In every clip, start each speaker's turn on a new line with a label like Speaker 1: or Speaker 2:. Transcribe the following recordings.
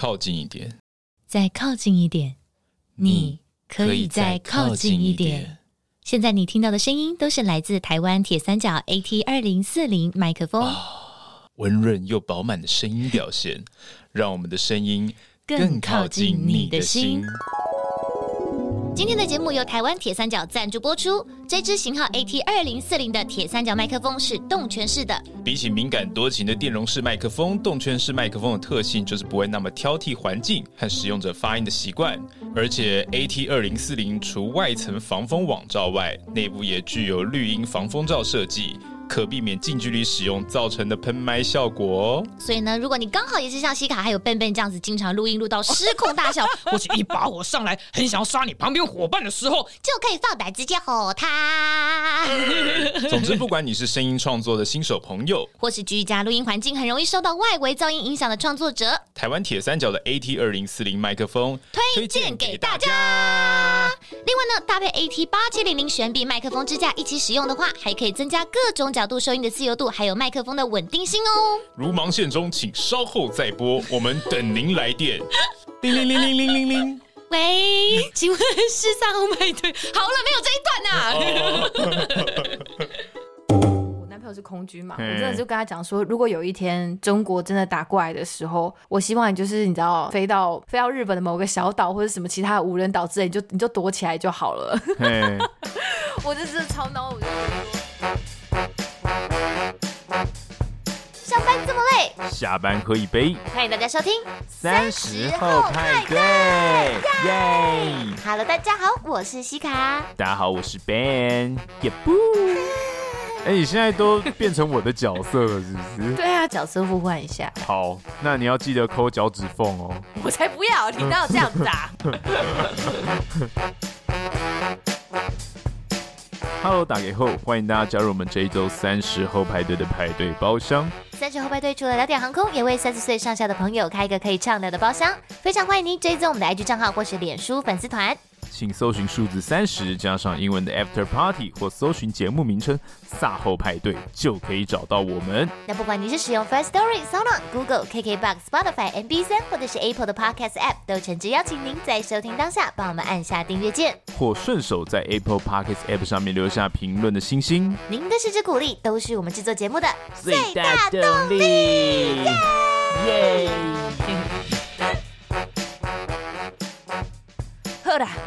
Speaker 1: 靠近一點，
Speaker 2: 再靠近一點，你可以再靠近一點。現在你聽到的聲音都是來自台灣鐵三角 AT 二零四零麥克風，哦、
Speaker 1: 溫潤又飽滿的聲音表現，讓我們的聲音更靠近你的心。今
Speaker 2: 天的節目由台灣鐵三角贊助播出。這支型號 AT 二零四零的鐵三角麥克風是動圈式的。
Speaker 1: 比起敏感多情的電容式麥克風，動圈式麥克風的特性就是不會那麼挑剔環境和使用者發音的習慣。而且 AT 二零四零除外層防風網罩外，內部也具有綠蔭防風罩設計。可避免近距離使用造成的噴麥效果
Speaker 2: 哦。所以呢，如果你剛好也是像西卡還有變變這樣子，經常錄音錄到失控大笑， 或是一把火
Speaker 1: 上來，很想要殺你旁邊夥伴的時
Speaker 2: 候，就可以放膽直接吼他。 總之，不
Speaker 1: 管你是聲音創作的新手朋友，
Speaker 2: 或是居家錄音環境很容易受到外圍噪音影響的創作者，
Speaker 1: 台灣鐵三角的 AT 二零四零麥克風
Speaker 2: 推薦給大家。另外呢，搭配 AT 八七零零懸臂麥克風支架一起使用的話，還可以增加各種。角度收音的自由度，還有麥克風的穩定性哦。
Speaker 1: 如忙線中，請稍後再撥，我們等您來電。
Speaker 2: 叮鈴鈴鈴鈴鈴鈴，喂？請問是上紅麥對？好了，沒有這一段啊。 我男朋友是空軍嘛， 我真的就跟他講說，如果有一天中國真的打過來的時候，我希望你就是你知道，飛到飛到日本的某個小島或者什麼其他無人島之類，你就你就躲起來就好
Speaker 1: 了。
Speaker 2: 我真的超惱火。我
Speaker 1: 下班喝一杯。
Speaker 2: 歡迎大家收聽
Speaker 1: 三十後派對。Yeah! Yeah!
Speaker 2: Hello，大家好，我是西卡。
Speaker 1: 大家好，我是 Ben。也不，哎，你現在都變成我的角色了，是不是？
Speaker 2: 對啊，角色互換一下。
Speaker 1: 好，那你要記得摳腳趾縫哦。
Speaker 2: 我才不要、啊，你哪有這樣子啊！
Speaker 1: Hello，打給後，歡迎大家加入我們這一周三十後派對的派對包廂。
Speaker 2: 三十後派對除了聊點航空，也為三十歲上下的朋友開一個可以暢聊的包廂，非常歡迎您追蹤我們的 IG 賬號或是臉書粉絲團。
Speaker 1: 請搜尋數字三十加上英文的 After Party，或搜尋節目名稱“卅後派對”，就可以找到我們。
Speaker 2: 那不管你是使用 Firstory、SoundOn、Google、KK Box、Spotify、MB3，或者是 Apple 的 Podcast App，都誠摯邀請您在收聽當下，幫我們按下訂閱鍵，
Speaker 1: 或順手在 Apple Podcast App 上面留下評論的星星。
Speaker 2: 您的支持鼓勵都是我們製作節目的
Speaker 1: 最大動力。動力耶！耶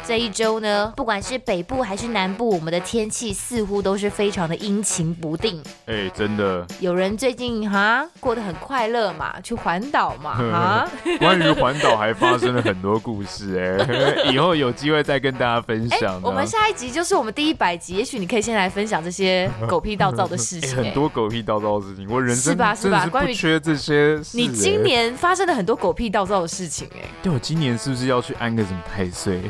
Speaker 2: 這一周呢，不管是北部還是南部，我們的天氣似乎都是非常的陰晴不定。
Speaker 1: 哎、欸，真的，
Speaker 2: 有人最近哈過得很快樂嘛，去環島嘛啊。哈，關於環島還發生了
Speaker 1: 很多故事哎、欸， 以後有機會再跟大家分享、欸。我們下一
Speaker 2: 集就是我們第一百集，也許你可以先來分享這些狗屁倒灶的事情、欸欸。很多
Speaker 1: 狗屁倒灶的事情，我人生是吧是吧？關於缺這些、欸，你今年
Speaker 2: 發生了很多狗屁倒灶的事情哎、
Speaker 1: 欸。對，我今年是不是要去安個什麼太歲？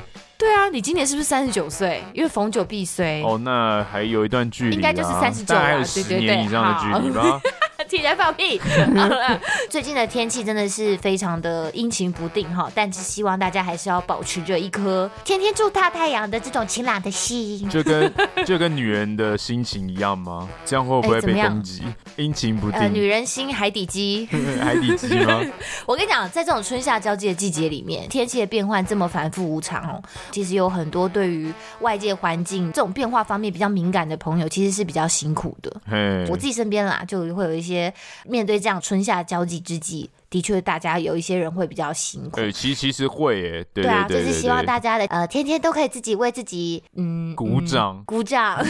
Speaker 2: 對啊，你今年是不是三十九歲？因為逢九必衰哦。Oh,
Speaker 1: 那還有一段距離，應該就是三十九了。對對對，十年以上的距離吧。好，
Speaker 2: 體能放屁。好了，最近的天氣真的是非常的陰晴不定哈，但是希望大家還是要保持着一顆天天祝大太陽的這種晴朗的心。 就跟
Speaker 1: 就跟女人的心情一樣嗎？這樣會不會被，被攻擊？陰、欸、晴不定、呃，女
Speaker 2: 人心海底雞， 海底雞嗎？ 我跟你講，在這種春夏交接的季節裡面，天氣的變換這麼反覆無常哦。其實有很多對於外界環境這種變化方面比較敏感的朋友，其實是比較辛苦的。嗯，Hey.
Speaker 1: 我自己
Speaker 2: 身邊啦，就會有一些面對這樣春夏交際之際。的確，大家有一些人會比較辛
Speaker 1: 苦。哎、欸，其實其實會哎、欸，對，對，對，對，對啊，就是希望大
Speaker 2: 家的呃，天天都可以自己為自己
Speaker 1: 嗯鼓掌鼓掌。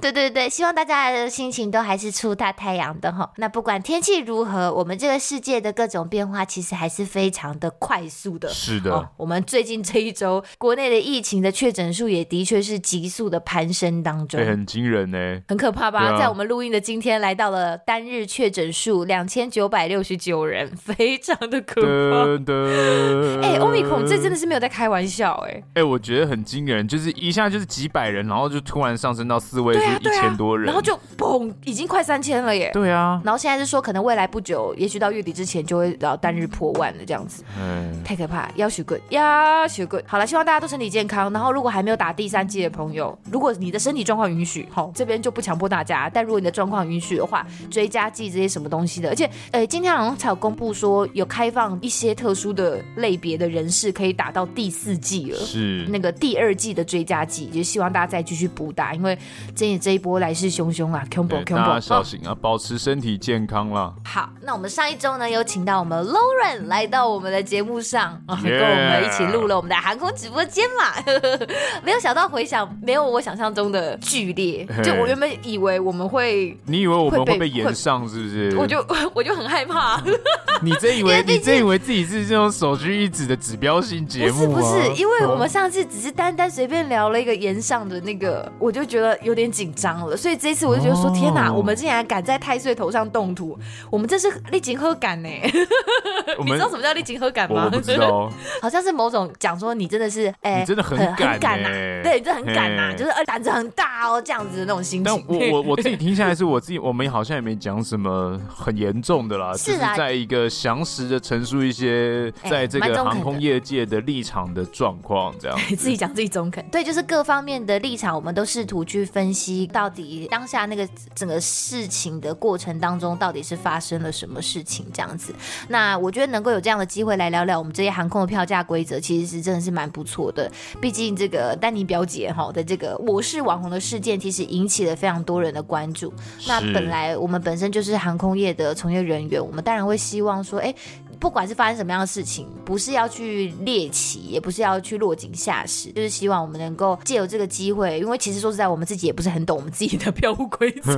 Speaker 2: 對對對，希望大家的心情都還是出大太陽的哈。那不管天氣如何，我們這個世界的各種變化其實還是非常的快速的。是的，我們最近這一周國內的疫情的確診數也的確是急速的攀升當中，欸、很
Speaker 1: 驚人呢、欸，很可怕吧？啊、在我
Speaker 2: 們錄音的今天，來到了單日確診數兩千九百六十，九人非常的
Speaker 1: 可怕，哎、嗯，歐、嗯、米孔、 欸、這真的
Speaker 2: 是沒有在開玩笑、欸，
Speaker 1: 哎，哎，我覺得很驚人，就是一下就是幾百人，然後就突然上升到四位，對啊，是 1, 對一、啊、千多人，然後就
Speaker 2: 砰，已經快三千了耶，對啊，然後現在是說可能未來不久，也許到月底之前就會到單日破萬的這樣子，嗯，太可怕，鴨血龜，鴨血龜，好了，希望大家都身體健康，然後如果還沒有打第三劑的朋友，如果你的身體狀況允許，好，這邊就不強迫大家，但如果你的狀況允許的話，追加劑這些什麼東西的，而且，哎、欸，今天好像。剛才有公布說有開放一些特殊的類別的人士可以打到第四季了，是那個第二季的追加季，就希望大家再繼續補打，因為這也這一波來勢洶洶啊，come on come on，大家小
Speaker 1: 心啊，哦、保持身體健康啦。
Speaker 2: 好，那我們上一周呢，有請到我們 Lauren 來到我們的節目上，啊 Yeah，跟我們一起錄了我們的航空直播間嘛， 沒有想到回響沒有我想象中的劇烈，就我原本以為我們會，
Speaker 1: 你以為我們會被炎上，被是不是？我
Speaker 2: 就我就很害怕。
Speaker 1: 你真以為，為你真以為自己是這種首屈一指的指標性節目，啊？不是，不是，因為我們
Speaker 2: 上次只是單單隨便聊了一個炎上的那個，我就覺得有點緊張了，所以這一次我就覺得說：“哦、天哪，我們竟然敢在太歲頭上動土，我們這是立即喝感呢、欸！”
Speaker 1: 們你知道什
Speaker 2: 麼叫立即喝感嗎我？我不知道， 好像是某種講說你真的是哎，真的很敢吶，對，你真的很敢吶、欸，就是呃，膽子很大哦，這樣子的那種心情。但我我我自己
Speaker 1: 聽下來是我自己，我們好像也沒講什麼很嚴重的啦。是是在一個詳實的陳述一些，在這個航空業界的立場的狀況，這樣
Speaker 2: 自己講自己中肯，對，就是各方面的立場，我們都試圖去分析到底當下那個整個事情的過程當中，到底是發生了什麼事情，這樣子。那我覺得能夠有這樣的機會來聊聊我們這些航空的票價規則，其實是真的是蠻不錯的。畢竟這個丹尼表姐哈的這個我是網紅的事件，其實引起了非常多人的關注。那本來我們本身就是航空業的從業人員，我們。當然會希望說，哎，不管是發生什麼樣的事情，不是要去獵奇，也不是要去落井下石，就是希望我們能夠借由這個機會，因為其實說實在，我們自己也不是很懂我們自己的票務
Speaker 1: 規則，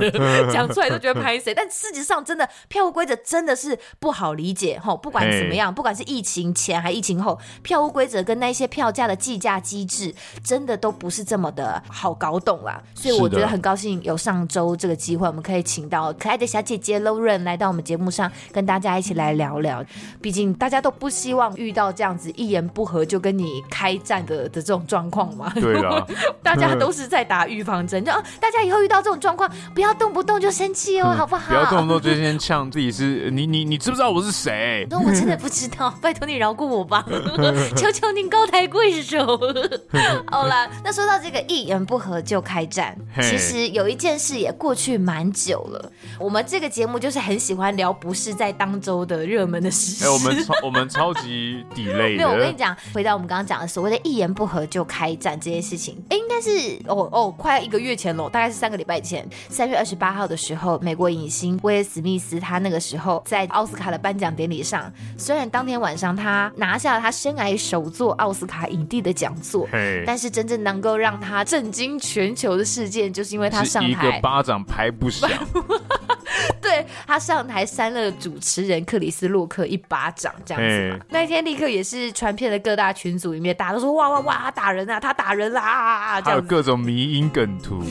Speaker 1: 講 出來都覺得拍
Speaker 2: 誰。但事實上，真的票務規則真的是不好理解吼，不管怎麼樣，Hey. 不管是疫情前還疫情後，票務規則跟那些票價的計價機制，真的都不是這麼的好搞懂啦，啊，所以我覺得很高興有上周這個機會，我們可以請到可愛的小姐姐 Loren 來到我們節目上，跟大家一起來聊聊。畢竟大家都不希望遇到這樣子一言不合就跟你開戰的的這種狀況嘛。對啊，大家都是在打預防針，就啊，大家以後遇到這種狀況，不要動不動就生氣哦，嗯、好不好？不要動不動就先
Speaker 1: 嗆自己是，你你你，你知不知道我是誰？那我真
Speaker 2: 的不知道， 拜託你饒過我吧，求求你高抬貴手。
Speaker 1: 好
Speaker 2: 了，那說到這個一言不合就開戰，其實有一件事也過去蠻久了，我們這個節目就是很喜歡聊不是在當週的熱門的事情。 我們超，
Speaker 1: 我們超級 delay 的。 沒有，我跟你講，
Speaker 2: 回到我們剛剛講的所謂的一言不合就開戰這件事情，哎，應該是哦哦，快要一個月前了，大概是三個禮拜前，三月二十八號的時候，美國影星威爾史密斯，他那個時候在奧斯卡的頒獎典禮上，雖然當天晚上他拿下了他生涯首座奧斯卡影帝的獎座，Hey 但是真正能夠讓他震驚全球的事件，就是因為他上台一個巴
Speaker 1: 掌拍不響。
Speaker 2: 對，他上台扇了主持人克里斯洛克一巴掌，這樣子嘛。嘿那一天立刻也是傳遍了各大群組，裡面大家都說：哇哇哇，他打人啊，他打人啦！啊，有各
Speaker 1: 種迷因梗圖，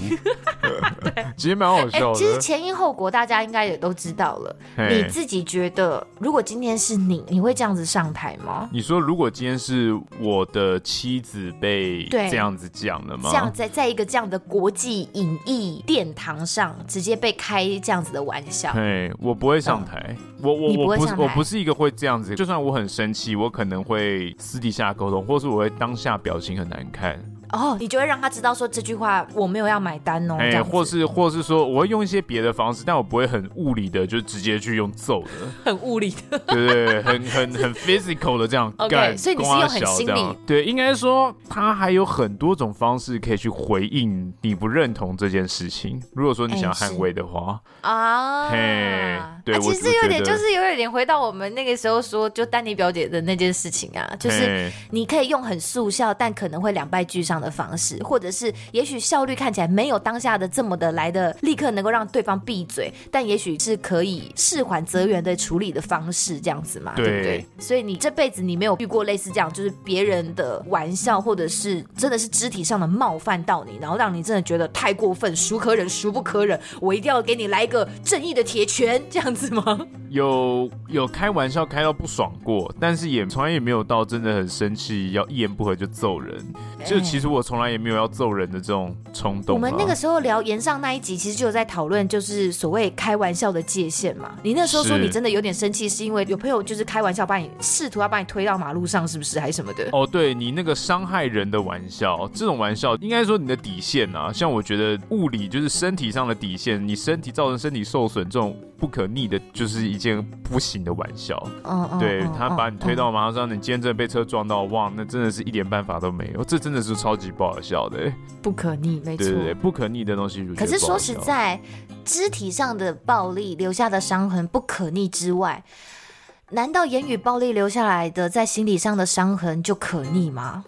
Speaker 1: 對其實蠻好笑，欸，其實前
Speaker 2: 因後果大家應該也都知道了。嘿你自己覺得，如果今天是你，你會這樣子上台嗎？
Speaker 1: 你說如果今天是我的妻子被這樣子講了嗎？這樣在
Speaker 2: 在一個這樣的國際影藝殿堂上，直接被開這樣子的玩笑。
Speaker 1: 對，我不會上台，嗯、我我我不是，我不是一個會這樣子，就算我很生氣，我可能會私底下溝通，或是我會當下表情很難看。
Speaker 2: 哦，oh, 你就會讓他知道說這句話我沒有要買單哦，哎、欸，
Speaker 1: 或是或是說我會用一些別的方式，但我不會很物理的就直接去用揍的， 很物理的， 對，對，對，很很是很 physical 的這樣 okay, 幹，所以你是用很心理，嗯、對，應該說他還有很多種方式可以去回應你不認同這件事情。如果說你想要捍衛的話、
Speaker 2: 欸、啊，嘿、欸，
Speaker 1: 對我、啊、其實有點就是有
Speaker 2: 一點回到我們那個時候說就丹尼表姐的那件事情啊，就是你可以用很速效，但可能會兩敗俱傷。的方式，或者是也許效率看起來沒有當下的這麼的來的立刻能夠讓對方閉嘴，但也許是可以事緩則圓的處理的方式，這樣子嘛，對對，不對？所以你這輩子你沒有遇過類似這樣，就是別人的玩笑，或者是真的是肢體上的冒犯到你，然後讓你真的覺得太過分，孰可忍孰不可忍，我一定要給你來一個正義的鐵拳，這樣子嗎？
Speaker 1: 有有開玩笑開到不爽過，但是也從來也沒有到真的很生氣，要一言不合就揍人，就其實。我從來也沒有要揍人的這種衝動。我們那個時
Speaker 2: 候聊炎上那一集，其實就有在討論就是所謂開玩笑的界限嘛。你那個時候說你真的有點生氣，是因為有朋友就是開玩笑把你試圖要把你推到馬路上，是不是還是什麼的？哦，
Speaker 1: 對你那個傷害人的玩笑，這種玩笑應該說你的底線啊。像我覺得物理就是身體上的底線，你身體造成身體受損這種。不可逆的，就是一件不行的玩笑。嗯。對，嗯，他把你推到馬上，嗯、你真的被車撞到，忘，那真的是一點辦法都沒有。這真的是超級不好笑的、欸。
Speaker 2: 不可逆，沒錯，對對對
Speaker 1: 不可逆的東西。可是說實在，
Speaker 2: 肢體上的暴力留下的傷痕不可逆之外，難道言語暴力留下來的在心理上的傷痕就可逆嗎？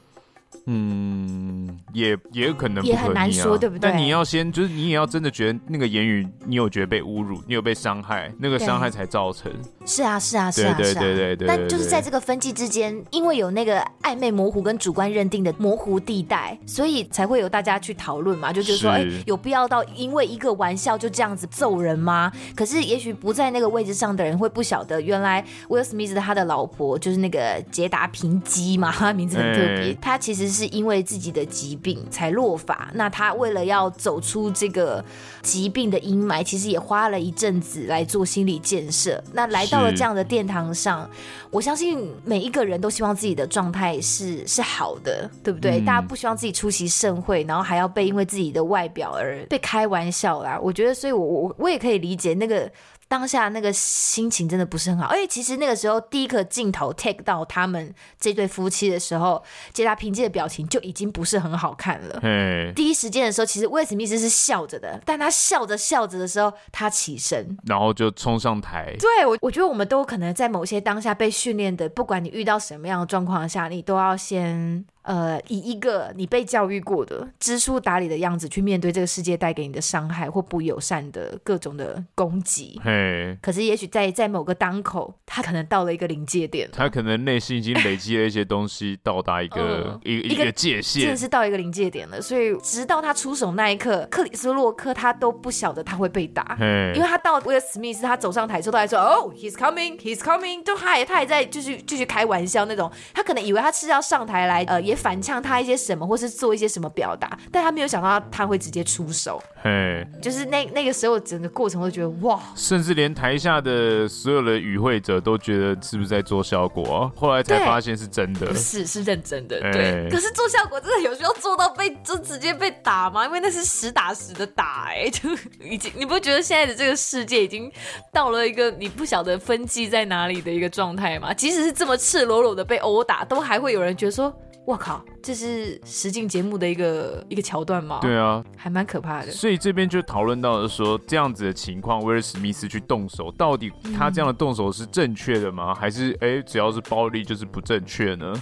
Speaker 1: 嗯，也也有可能不可以啊，也很難說，對不對？但你要先，就是你也要真的覺得那個言語，你有覺得被侮辱，你有被傷害，那個傷害才造成。
Speaker 2: 是啊，是啊，是啊，是啊，對對對，但就是在這個分界之間，因為有那個曖昧模糊跟主觀認定的模糊地帶，所以才會有大家去討論嘛，就覺得說，哎，有必要到因為一個玩笑就這樣子揍人嗎？可是也許不在那個位置上的人會不曉得，原來威爾·史密斯他的老婆就是那個杰達平基嘛，名字很特別。他其實是因為自己的疾病才落髮，那他為了要走出這個疾病的陰霾，其實也花了一陣子來做心理建設，那來。到了這樣的殿堂上，嗯、我相信每一個人都希望自己的狀態是是好的，對不對？嗯、大家不希望自己出席盛會，然後還要被因為自己的外表而被開玩笑啦。我覺得，所以我我我也可以理解那個。當下那個心情真的不是很好，而且其實那個時候第一個鏡頭 take 到他們這對夫妻的時候，潔達平靜的表情就已經不是很好看
Speaker 1: 了。嘿第一
Speaker 2: 時間的時候，其實威爾史密斯一直是笑着的，但他笑着笑着的時候，他起身，
Speaker 1: 然後就衝上台。對，
Speaker 2: 我我覺得我們都可能在某些當下被訓練的，不管你遇到什麼樣的狀況下，你都要先。呃，以一個你被教育過的知書達理的樣子去面對這個世界帶給你的傷害或不友善的各種的攻擊。嘿。
Speaker 1: Hey, 可
Speaker 2: 是也許在在某個當口，他可能到了一個臨界點，
Speaker 1: 他可能內心已經累積了一些東西， 到達一個、呃、一個一個界限，真的是
Speaker 2: 到一個臨界點了。所以，直到他出手那一刻，克里斯洛克他都不曉得他會被打，嗯，Hey, 因為他到威爾史密斯，他走上台之後，他還說哦、oh,，he's coming，he's coming，就他也，他還在就是繼續開玩笑那種，他可能以為他是要上台來呃。反嗆他一些什麼，或是做一些什麼表達，但他沒有想到他會直接出手。嘿，Hey, 就是那那個時候，整個過程會覺得哇，
Speaker 1: 甚至連台下的所有的與會者都覺得是不是在做效果。後來才發現是真的，不是
Speaker 2: 是認真的。對，hey, 可是做效果真的有時候做到被就直接被打嗎？因為那是實打實的打，欸。哎，就已經你不覺得現在的這個世界已經到了一個你不曉得分際在哪裡的一個狀態嗎？即使是這麼赤裸裸的被毆打，都還會有人覺得說。我靠，這是實境節目的一個一個橋段嗎？對啊，還蠻可怕的。所
Speaker 1: 以這邊就討論到了說，這樣子的情況，威爾史密斯去動手，到底他這樣的動手是正確的嗎？嗯、還是哎、欸，只要是暴力就是不正確呢？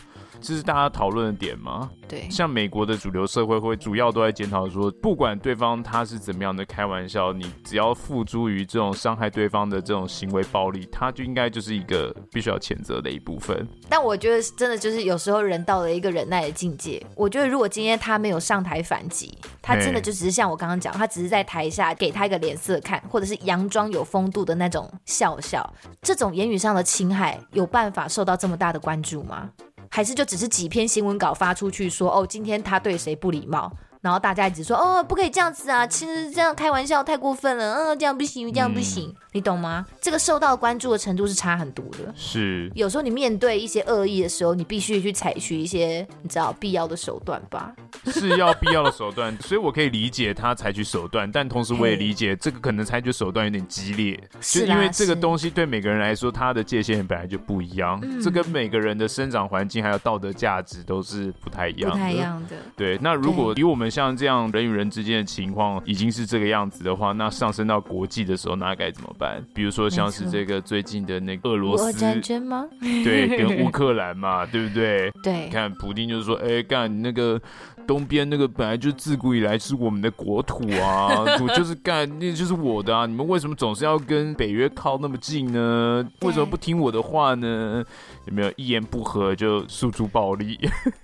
Speaker 1: 這是大家討論的點嗎？對，像美國的主流社會會主要都在檢討說，不管對方他是怎麼樣的開玩笑，你只要付諸於這種傷害對方的這種行為暴力，他就應該就是一個必須要譴責的一部分。
Speaker 2: 但我覺得真的就是有時候人到了一個忍耐的境界，我覺得如果今天他沒有上台反擊，他真的就只是像我剛剛講，他只是在台下給他一個臉色看，或者是佯裝有風度的那種笑笑，這種言語上的侵害有辦法受到這麼大的關注嗎？還是就只是幾篇新聞稿發出去說，說哦，今天他對誰不禮貌。然後大家一直說哦，不可以這樣子啊！其實這樣開玩笑太過分了，嗯、哦，這樣不行，這樣不行，嗯、你懂嗎？這個受到關注的程度是差很多的。是。有時候你面對一些惡意的時候，你必須去採取一些你知道必要的手段吧。
Speaker 1: 是要必要的手段， 所以我可以理解他採取手段，但同時我也理解這個可能採取手段有點激烈。是、嗯、就因為這個東西對每個人來說，他的界限本來就不一樣，嗯、這跟每個人的生長環境還有道德價值都是不太一樣。不太一樣的。對，那如果對以我們。像這樣人與人之間的情況已經是這個樣子的話，那上升到國際的時候，那該，該怎麼辦？比如說像是這個最近的那個俄羅斯戰
Speaker 2: 爭嗎？對，跟烏克
Speaker 1: 蘭嘛， 對不對？對，你看普丁就是說，哎，幹那個。東邊那個本來就自古以來是我們的國土啊，土 就是幹，那就是我的啊！你們為什麼總是要跟北約靠那麼近呢？對為什麼不聽我的話呢？有沒有一言不合就訴諸暴力？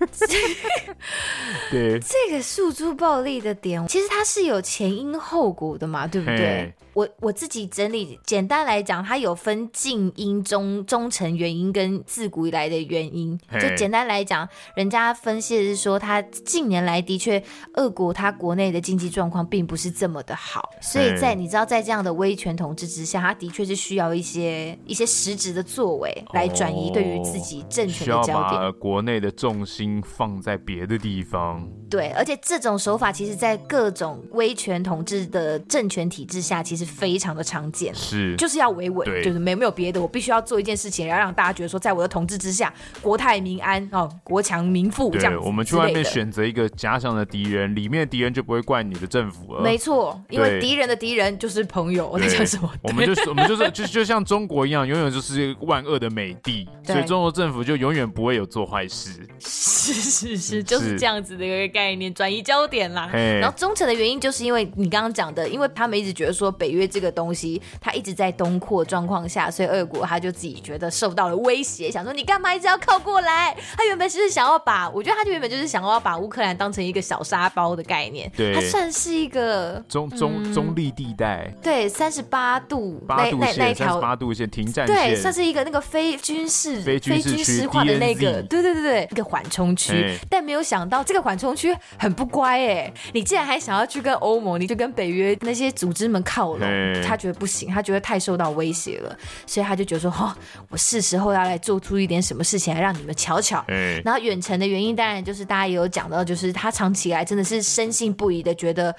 Speaker 1: 對，這
Speaker 2: 個訴諸暴力的點，其實它是有前因後果的嘛，對不對？Hey. 我我自己整理，簡單來講，它有分近因、中、中層原因跟自古以來的原因。就簡單來講，人家分析的是說，他近年來的確，俄國他國內的經濟狀況並不是這麼的好，所以在你知道，在這樣的威權統治之下，他的確是需要一些一些實質的作為，來轉移對於自己政權的焦點，
Speaker 1: 國內的重心放在別的地方。
Speaker 2: 對，而且這種手法其實，在各種威權統治的政權體制下，其實非常的常見，是就是要維穩，對就是沒有沒有別的，我必須要做一件事情，然後讓大家覺得說，在我的統治之下，國泰民安哦，國強民富對這樣。我們去外面選
Speaker 1: 擇一個假想的敵人，裡面的敵人就不會怪你的政府了。沒錯，因為敵
Speaker 2: 人的敵人就是朋友。對我在講什麼？我們就是、我們
Speaker 1: 就是，就就像中國一樣，永遠就是個萬惡的美帝，對所以中國政府就永遠不會有做壞事。是
Speaker 2: 是是，是是是就是這樣子的一個。概念轉移焦點啦，hey, 然後忠誠的原因就是因為你剛剛講的，因為他們一直覺得說北約這個東西，它一直在東擴狀況下，所以俄國他就自己覺得受到了威脅，想說你幹嘛一直要靠過來？他原本其實想要把，我覺得他就原本就是想要把烏克蘭當成一個小沙包的概念，對。它算是一個中中中
Speaker 1: 立地帶、嗯，
Speaker 2: 對，三十八度 ,8 度那，那一38度那三十八
Speaker 1: 度線停戰線對，算是
Speaker 2: 一個那個非軍事非軍事，非軍事化的那個，對對對對，一個緩衝區，hey, 但沒有想到這個緩衝區。很不乖哎、欸！你竟然還想要去跟歐盟，你就跟北約那些組織們靠攏，Hey. 他覺得不行，他覺得太受到威脅了，所以他就覺得說：“哦，我是時候要來做出一點什麼事情來讓你們瞧瞧。” Hey. 然後遠程的原因，當然就是大家也有講到，就是他長期以來真的是深信不疑的覺得。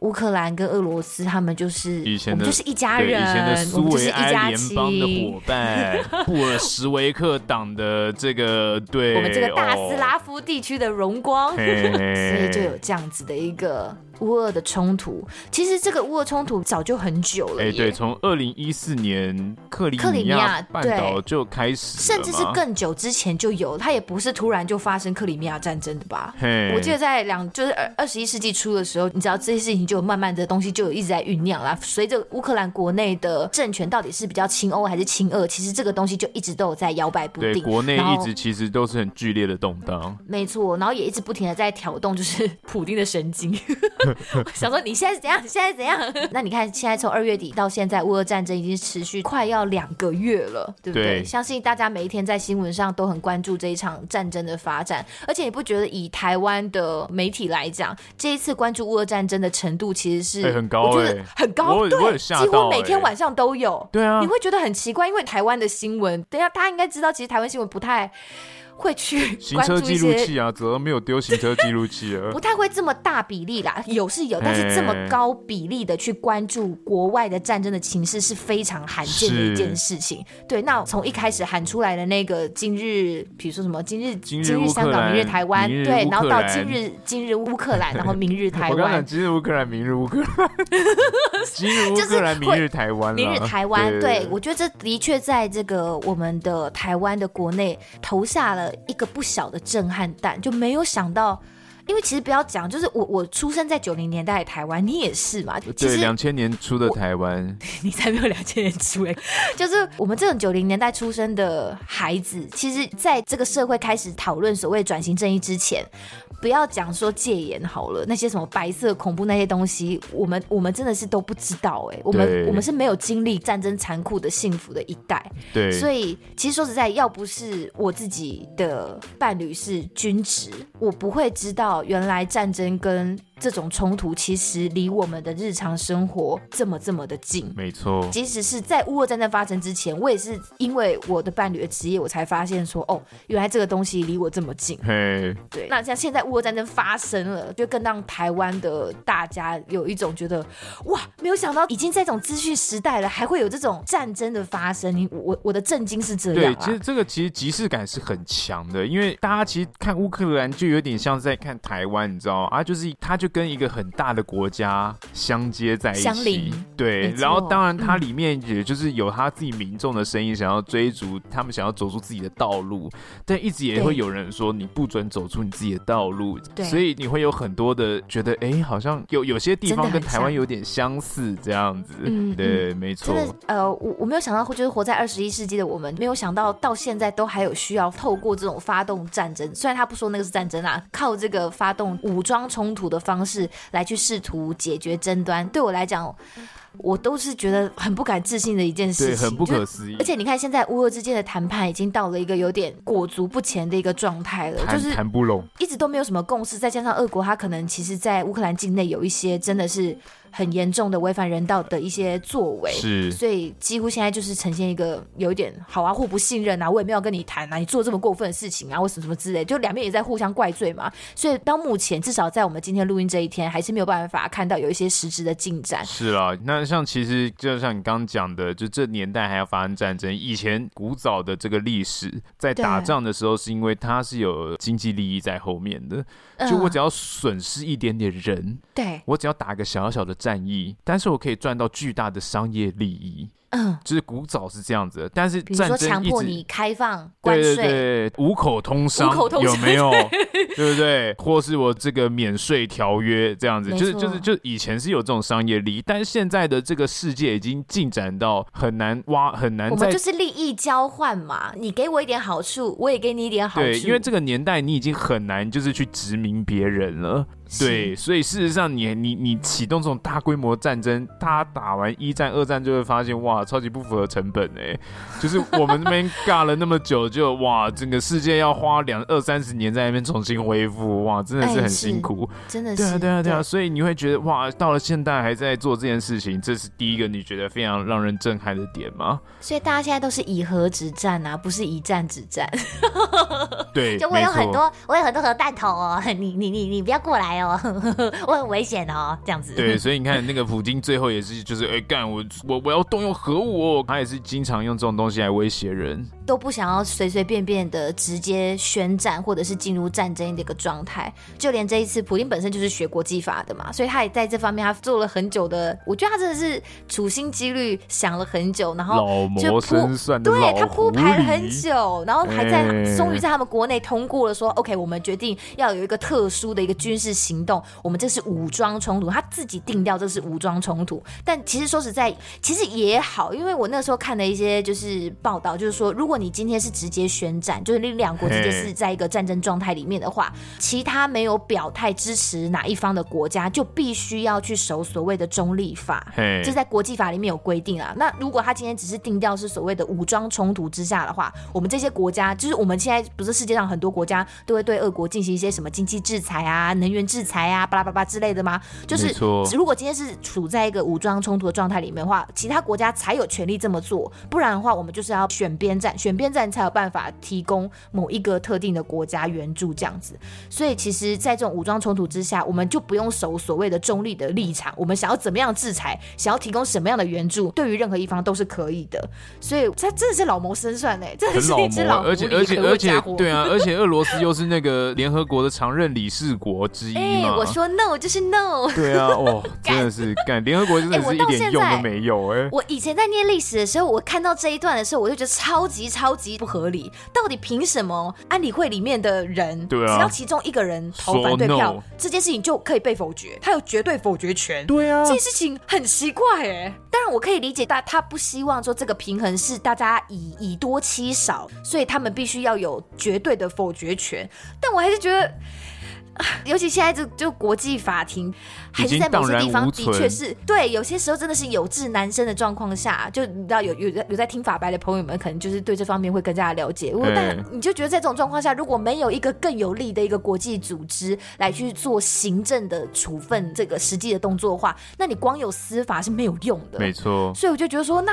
Speaker 2: 烏克蘭跟俄羅斯，他們就是我們就是一家人，以前的蘇維埃聯邦的夥
Speaker 1: 伴， 布爾什維克黨的這個對我們這個大斯拉
Speaker 2: 夫地區的榮光，嘿嘿嘿，所以就有這樣子的一個。烏俄的衝突，其實這個烏俄衝突早就很久了。哎，
Speaker 1: 對，從二零一四年克里克里米亞半島就開始，甚至是更
Speaker 2: 久之前就有。它也不是突然就發生克里米亞戰爭的吧？嘿我記得在兩就是二二十一世紀初的時候，你知道這些事情就慢慢的東西就一直在醞釀了。隨着烏克蘭國內的政權到底是比較親歐還是親俄，其實這個東西就一直都有在搖擺不定。對，國內一直後
Speaker 1: 其實都是很劇烈的動盪，嗯、
Speaker 2: 沒錯。然後也一直不停的在挑動就是普丁的神經。 我想說你現在怎樣？你現在怎樣？ 那你看，現在從二月底到現在，烏俄戰爭已經持續快要兩個月了，對不對？對，相信大家每一天在新聞上都很關注這一場戰爭的發展，而且你不覺得以台灣的媒體來講，這一次關注烏俄戰爭的程度其實是、欸、很高、欸，我覺得很高，很欸、對，幾乎每天晚上都有。對啊，你會覺得很奇怪，因為台灣的新聞，等下大家應該知道，其實台灣新聞不太。會去關注一些，
Speaker 1: 啊，怎麼沒有丟行車記錄器啊 不
Speaker 2: 太會這麼大比例啦，有是有，但是這麼高比例的去關注國外的戰爭的情勢是非常罕見的一件事情。是對，那從一開始喊出來的那個今日，比如說什麼今日今日香港，明日台灣，對，然後到今日今日烏克蘭， 然後明日台灣我剛剛，
Speaker 1: 今日烏克蘭，明日烏克蘭， 今日烏克蘭，明日，明日台灣，明日台灣。對我
Speaker 2: 覺得這的確在這個我們的台灣的國內投下了一個不小的震撼彈，就沒有想到。因為其實不要講，就是我我出生在九零年代的台灣，你也是嘛？對，實兩
Speaker 1: 千年初的台灣，
Speaker 2: 你才沒有兩千年初、欸。 就是我們這種九零年代出生的孩子，其實在這個社會開始討論所謂轉型正義之前，不要講說戒嚴好了，那些什麼白色恐怖那些東西，我們我們真的是都不知道、欸。哎，我們對我們是沒有經歷戰爭殘酷的幸福的一代。對，所以其實說實在，要不是我自己的伴侶是軍職，我不會知道。原來戰爭跟。這種衝突其實離我們的日常生活這麼這麼的近，沒
Speaker 1: 錯。即使
Speaker 2: 是在烏俄戰爭發生之前，我也是因為我的伴侶的職業，我才發現說，哦，原來這個東西離我這麼近。
Speaker 1: 嘿，對。
Speaker 2: 那像現在烏俄戰爭發生了，就更讓台灣的大家有一種覺得，哇，沒有想到已經在這種資訊時代了，還會有這種戰爭的發生。你我我的震驚是這樣啊。對，其實
Speaker 1: 這個其實即視感是很強的，因為大家其實看烏克蘭就有點像是在看台灣，你知道啊，就是他就。跟一個很大的國家相接在一起，林對，錯然後當然它裡面也就是有他自己民眾的聲音，想要追逐他們想要走出自己的道路，但一直也會有人說你不准走出你自己的道路，對所以你會有很多的覺得，哎，好像有有些地方跟台灣有點相似這樣子，對，沒錯，
Speaker 2: 真的呃，我我沒有想到，就是活在二十一世紀的我們，沒有想到到現在都還有需要透過這種發動戰爭，雖然他不說那個是戰爭啊，靠這個發動武裝衝突的方。方式來去試圖解決爭端，對我來講，我都是覺得很不敢置信的一件事情，對，很不可思議。而且你看，現在烏俄之間的談判已經到了一個有點裹足不前的一個狀態了，就是談不攏，一直都沒有什麼共識。再加上俄國，他可能其實在烏克蘭境內有一些真的是。很嚴重的違反人道的一些作為，是，所以幾乎現在就是呈現一個有一點好啊，互不信任啊，我也沒有跟你談啊，你做這麼過分的事情啊，或什麼什麼之類，就兩邊也在互相怪罪嘛。所以到目前，至少在我們今天錄音這一天，還是沒有辦法看到有一些實質的進展。
Speaker 1: 是啊，那像其實就像你剛剛講的，就這年代還要發生戰爭，以前古早的這個歷史，在打仗的時候，是因為它是有經濟利益在後面的，對就我只要損失一點點人，對我只要打個小小的。戰役，但是我可以賺到巨大的商業利益。嗯，就是古早是這樣子，但是比如說戰爭一直強迫你
Speaker 2: 開放關稅，對對對，五口
Speaker 1: 通商，五口通商有沒有？ 對不對？或是我這個免稅條約這樣子，沒錯。就是就是就以前是有這種商業利益，但是現在的這個世界已經進展到很難挖，很難再。我們就
Speaker 2: 是利益交換嘛，你給我一點好處，我也給你一點好處。對，因為這
Speaker 1: 個年代你已經很難就是去殖民別人了。是對，所以事實上你，你你你啟動這種大規模戰爭，他打完一戰、二戰就會發現，哇，超級不符合成本哎、欸，就是我們這邊尬了那麼久， 就哇，整個世界要花兩二三十年在那邊重新恢復，哇，真的是很辛苦，欸、真的是對啊對啊對啊，對啊對啊對，所以你會覺得哇，到了現代還在做這件事情，這是第一個你覺得非常讓人震撼的點嗎？
Speaker 2: 所以大家現在都是以核止戰啊，不是以戰止戰，
Speaker 1: 對，就我有很多，
Speaker 2: 錯我有很多核彈頭哦，你你你你不要過來、啊。 我很危險哦，這樣子。對，
Speaker 1: 所以你看那個普丁最後也是就是哎乾、欸、我我我要動用核武哦，他也是經常用這種東西來威脅人，
Speaker 2: 都不想要隨隨便便的直接宣戰或者是進入戰爭的一個狀態，就連這一次普丁本身就是學國際法的嘛，所以他也在這方面他做了很久的，我覺得他真的是處心積慮想了很久，然後老謀深算的，對，他鋪排了很久，然後還在終於、欸、在他們國內通過了說 OK，我們決定要有一個特殊的一個軍事行動，我們這是武裝衝突，他自己定調這是武裝衝突。但其實說實在，其實也好，因為我那時候看了一些就是報道，就是說，如果你今天是直接宣戰，就是你兩國之間是在一個戰爭狀態裡面的話，Hey. 其他沒有表態支持哪一方的國家，就必須要去守所謂的中立法，這 Hey. 在國際法裡面有規定啊。那如果他今天只是定調是所謂的武裝衝突之下的話，我們這些國家，就是我們現在不是世界上很多國家都會對俄國進行一些什麼經濟制裁啊，能源制裁。制裁啊，巴拉巴拉之類的嗎？就是沒錯。只如果今天是處在一個武裝衝突的狀態裡面的話，其他國家才有權利這麼做。不然的話，我們就是要選邊站，選邊站才有辦法提供某一個特定的國家援助這樣子。所以，其實，在這種武裝衝突之下，我們就不用守所謂的中立的立場。我們想要怎麼樣制裁，想要提供什麼樣的援助，對於任何一方都是可以的。所以，他真的是老謀深算呢，很老謀，而且而且而且，對啊，而且俄羅斯
Speaker 1: 又是那個聯合國的常任理事國之一。 欸、我說
Speaker 2: no 就是 no，對啊，哦、 真的是
Speaker 1: 幹聯合國，真的是、欸、我到現在都沒有哎、欸。我
Speaker 2: 以前在念歷史的時候，我看到這一段的時候，我就覺得超級超級不合理。到底憑什麼安理會裡面的人，只要、對啊、其中一個人投反對票，So no. 這件事情就可以被否決？他有絕對否決權，對啊，這件事情很奇怪哎、欸。當然我可以理解，大他不希望說這個平衡是大家以以多欺少，所以他們必須要有絕對的否決權。但我還是覺得。尤其現在就就國際法庭，還是在某些地方的確是對，有些時候真的是有志難伸的狀況下，就你知道有有有在聽法白的朋友們，可能就是對這方面會更加了解。如果、欸、但你就覺得在這種狀況下，如果沒有一個更有力的一個國際組織來去做行政的處分，這個實際的動作的話，那你光有司法是沒有用的。沒錯錯。所以我就覺得說，那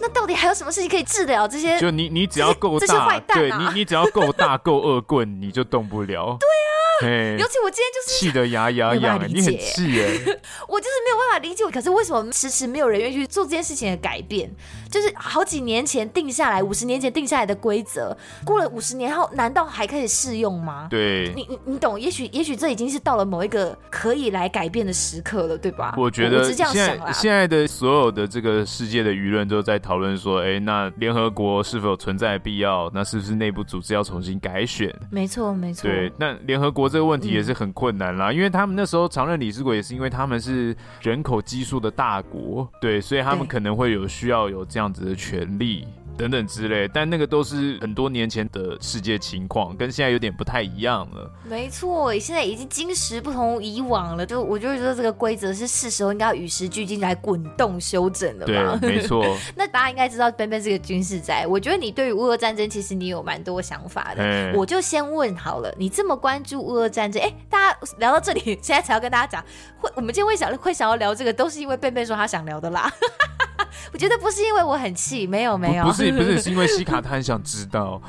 Speaker 2: 那到底還有什麼事情可以治得了這些？就
Speaker 1: 你你只要夠大，這些壞蛋啊、對你你只要夠大夠惡棍，你就動不了。 對啊。 尤其我今天就是氣得牙牙癢，我理解，
Speaker 2: 我就是沒有辦法理解，可是為什麼遲遲沒有人願意去做這件事情的改變？就是好幾年前定下來，五十年前定下來的規則，過了五十年後，難道還可以適用嗎？對你，你，你懂？也許，也許這已經是到了某一個可以來改變的時刻了，對吧？我覺得是這樣想。現
Speaker 1: 在的所有的這個世界的輿論都在討論說：哎，那聯合國是否有存在的必要？那是不是內部組織要重新改選？
Speaker 2: 沒錯，沒錯。對，
Speaker 1: 那聯合國。這個問題也是很困難啦，嗯，因為他們那時候常任理事國也是因為他們是人口基數的大國，對，所以他們可能會有需要有這樣子的權利。等等之類，但那個都是很多年前的世界情況，跟現在有點不太一樣了。
Speaker 2: 沒錯，現在已經今時不同以往了。就我就是說，這個規則是是時候應該要與時俱進來滾動修整的嘛。對，沒錯。 那大家應該知道、ben，變變是個軍事宅。我覺得你對於烏俄戰爭其實你有蠻多想法的。嗯嘿。我就先問好了，你這麼關注烏俄戰爭，哎，大家聊到這裡，現在才要跟大家講，會我們今天會想會想要聊這個，都是因為變變說他想聊的啦。 我覺得不是因為我很氣，沒有沒有，不，不是不是是因為西
Speaker 1: 卡他很想知道，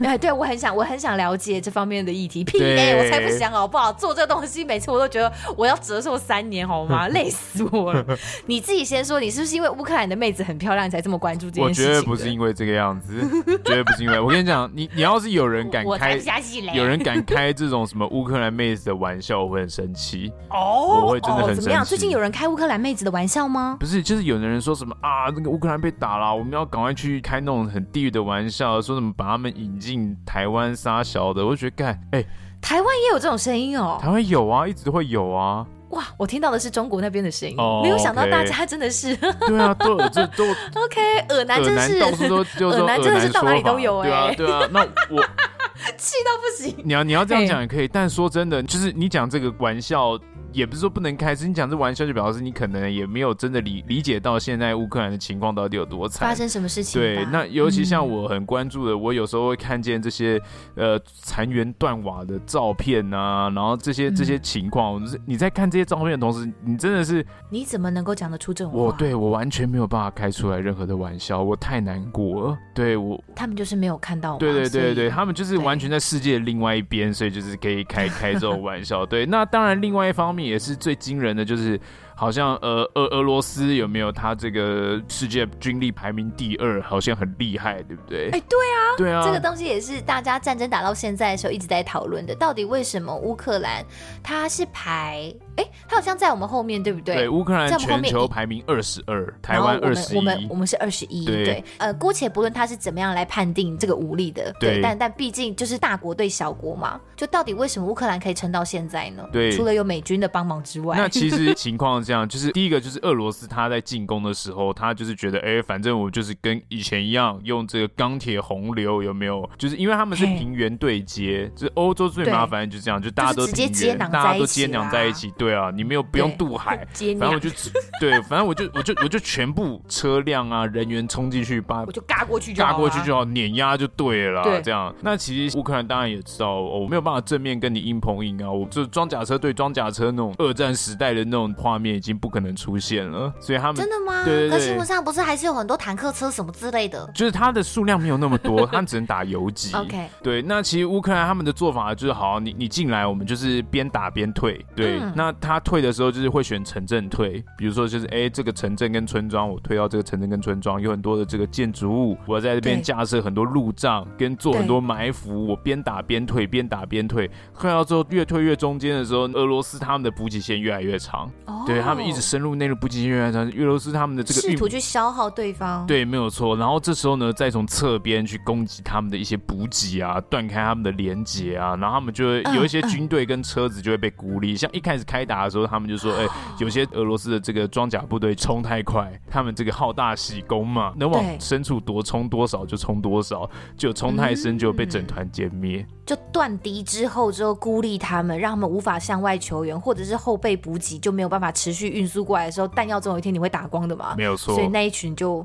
Speaker 2: 哎， 對，我很想我很想了解這方面的議題，屁對，PA, 我才不想，好不好？做這個東西每次我都覺得我要折壽三年，好嗎？ 累死我了！ 你自己先說，你是不是因為烏克蘭的妹子很漂亮才這麼關注這件事情？我覺得不是因
Speaker 1: 為這個樣子，絕對不是因為。我跟你講，你你要是有人敢開，我我不有人敢開這種什麼烏克蘭妹子的玩笑，我會很生氣哦，oh, 我會真的很生氣、oh, 哦。怎麼樣？最近有
Speaker 2: 人開烏克蘭妹子的玩笑嗎？
Speaker 1: 不是，就是有的人說什麼。啊，那個烏克蘭被打了，我們要趕快去開那種很地獄的玩笑，說什麼把他們引進台灣殺小的，我就覺得，哎，欸、
Speaker 2: 台灣也有這種聲音哦，
Speaker 1: 台灣有啊，一直都會有啊。
Speaker 2: 哇，我聽到的是中國那邊的聲音，哦、沒有想到大家真的是。哦
Speaker 1: okay、對啊，都有都
Speaker 2: 有 OK，惡男真的是，爾南真的是到哪裡都有、欸，哎、啊，對啊，
Speaker 1: 那我。
Speaker 2: 氣到不行！你
Speaker 1: 要你要這樣講也可以，嘿但說真的，就是你講這個玩笑也不是說不能開，是，你講這個玩笑就表示你可能也沒有真的理理解到現在烏克蘭的情況到底有多慘，發生什麼事情、啊？對，那尤其像我很關注的，嗯、我有時候會看見這些呃殘垣斷瓦的照片吶、啊，然後這些這些情況，嗯、就是你在看這些照片的同時，你真的是你怎麼能夠講得出這種話？我對我完全沒有辦法開出來任何的玩笑，我太難過了，對我
Speaker 2: 他們就是沒有看到，對對對對，以
Speaker 1: 他們就是。完全在世界的另外一邊，所以就是可以開開這種玩笑。 對，那當然，另外一方面也是最驚人的，就是好像呃，俄俄羅斯有沒有他這個世界的軍力排名第二，好像很厲害，對不對？哎、欸，對
Speaker 2: 啊，對啊，這個東西也是大家戰爭打到現在的時候一直在討論的，到底為什麼烏克蘭他是排？哎，他好像在我們後面，對不對？對，烏克蘭全球
Speaker 1: 排名二十二，台灣二十一，我們我
Speaker 2: 們是二十一。對，呃，姑且不論他是怎麼樣來判定這個武力的，對，但但畢竟就是大國對小國嘛，就到底為什麼烏克蘭可以撐到現在呢？對，除了有美軍的幫忙之外，那其實情
Speaker 1: 況是這樣，就是第一個就是俄羅斯他在進攻的時候，他就是覺得哎，反正我就是跟以前一樣用這個鋼鐵洪流，有沒有？就是因為他們是平原對接，就是歐洲最麻煩的，就是這樣，就大家都直接接壤在一起。對啊，你沒有，不用渡海，對反正我就 對，反正我就我就我就全部車輛啊人員衝進去把，把我就
Speaker 2: 嘎過去就好、啊、嘎過去就好，
Speaker 1: 碾壓就對了，對這樣。那其實烏克蘭當然也知道、哦，我沒有辦法正面跟你硬碰硬啊，我就裝甲車對裝甲車那種二戰時代的那種畫面已經不可能出現了，所以他們真的嗎？對對對，那新聞上
Speaker 2: 不是還是有很多坦克車什麼之類的，就
Speaker 1: 是它的數量沒有那麼多，它只能打游擊。 OK，對，那其實烏克蘭他們的做法就是好，你你進來，我們就是邊打邊退。對，嗯、那。他退的時候就是會選城鎮退，比如說就是哎、欸，這個城鎮跟村莊，我退到這個城鎮跟村莊，有很多的這個建築物，我在這邊架設很多路障，跟做很多埋伏，我邊打邊退，邊打邊退，對退到之後越退越中間的時候，俄羅斯他們的補給線越來越長，oh. 對他們一直深入內陸，補給線越來越長，俄羅斯他們的這個試圖去
Speaker 2: 消耗對方，
Speaker 1: 對，沒有錯。然後這時候呢，再從側邊去攻擊他們的一些補給啊，斷開他們的連接啊，然後他們就會有一些軍隊跟車子就會被孤立，像一開始開。打的時候，他們就說：“哎、欸，有些俄羅斯的這個裝甲部隊衝太快，他們這個好大喜功嘛，能往深處多衝多少就衝多少，就衝對太深就被整團殲滅。
Speaker 2: 就斷敵之後之後孤立他們，讓他們無法向外求援或者是後備補給，就沒有辦法持續運輸過來的時候，彈藥總有一天你會打光的嘛？沒有錯，所以那一群就。”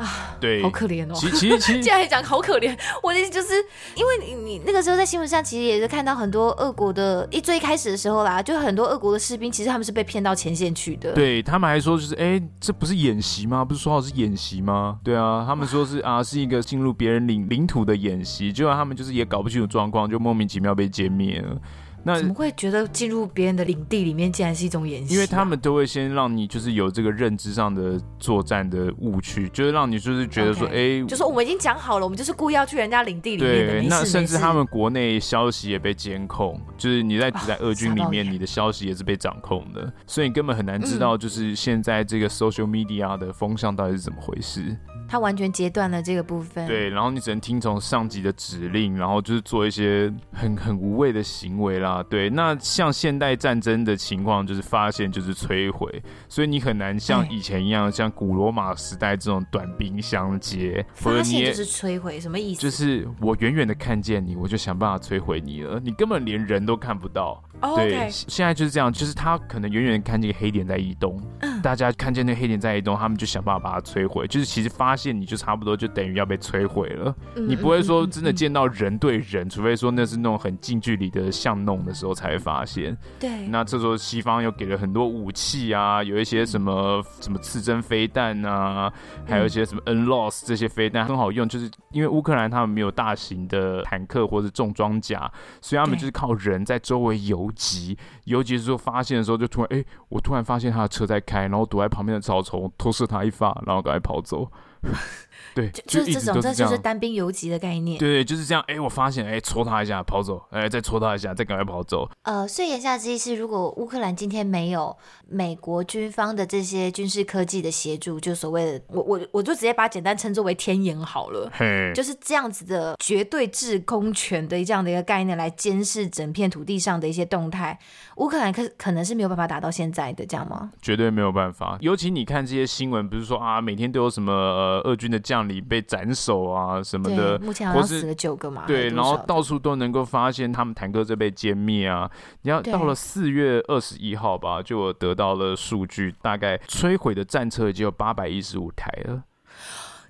Speaker 1: 啊，對，好可憐哦。其實，其實，這
Speaker 2: 樣 還講好可憐，我的意思就是，因為你，你那個時候在新聞上其實也是看到很多俄國的，一最一開始的時候啦，就很多俄國的士兵，其實他們是被騙到前線去的。對
Speaker 1: 他們還說就是，哎、欸，這不是演習嗎？不是說好是演習嗎？對啊，他們說是哇啊，是一個進入別人領領土的演習，結果他們就是也搞不清楚狀況，就莫名其妙被殲滅了。那怎麼
Speaker 2: 會覺得進入別人的領地裡面竟然是一種演習、啊？因為他
Speaker 1: 們都會先讓你就是有這個認知上的作戰的誤區，就是讓你就是覺得說，哎 Okay.、欸，就是
Speaker 2: 我們已經講好了，我們就是故意要去人家領地裡面，那甚至他
Speaker 1: 們國內消息也被監控，事就是你在在俄軍裡面，啊、你，你的消息也是被掌控的，所以你根本很難知道就是現在這個 social media 的風向到底是怎麼回事。
Speaker 2: 他完全截斷了這個部分，對，
Speaker 1: 然後你只能聽從上級的指令，然後就是做一些很很無謂的行為了。啊，對，那像現代戰爭的情況，就是發現就是摧毀，所以你很難像以前一樣，唉像古羅馬時代這種短兵相接。發現就是
Speaker 2: 摧毀，什麼意思？
Speaker 1: 就是我遠遠的看見你，我就想辦法摧毀你了，你根本連人都看不到。Oh, okay. 對，現在就是這樣，就是他可能遠遠看見黑點在移動，嗯、大家看見那個黑點在移動，他們就想辦法把它摧毀。就是其實發現你就差不多就等於要被摧毀了，嗯、你不會說真的見到人對人，嗯嗯嗯、除非說那是那種很近距離的巷弄的時候才會發現。對，那這時候西方又給了很多武器啊，有一些什麼什麼刺針飛彈啊，嗯、還有一些什麼 NLOS 這些飛彈很好用，就是因為烏克蘭他們沒有大型的坦克或者重裝甲，所以他們就是靠人在周圍游，急，尤其是說發現的時候，就突然，哎、欸，我突然發現他的車在開，然後躲在旁邊的草叢偷射他一發，然後趕快跑走。 對，就就是這種，這就是
Speaker 2: 單兵游擊的概念。對，
Speaker 1: 就是這樣。哎，我發現，哎，戳他一下，跑走，哎，再戳他一下，再趕快跑走。
Speaker 2: 呃，所以言下之意是，如果烏克蘭今天沒有美國軍方的這些軍事科技的協助，就所謂的我我我就直接把簡單稱作為天眼好了，嘿就是這樣子的絕對制空權的這樣的一個概念來監視整片土地上的一些動態，烏克蘭可可能是沒有辦法打到現在的這樣嗎？
Speaker 1: 絕對沒有辦法。尤其你看這些新聞，不是說啊，每天都有什麼呃俄軍的。像你被斬首啊，什麼的，目前好像死了
Speaker 2: 九個嘛。對，然後
Speaker 1: 到處都能夠發現他們坦克在被殲滅啊。你要對到了四月二十一號吧，就我得到了數據，大概摧毀的戰車已經有八百一十五台了，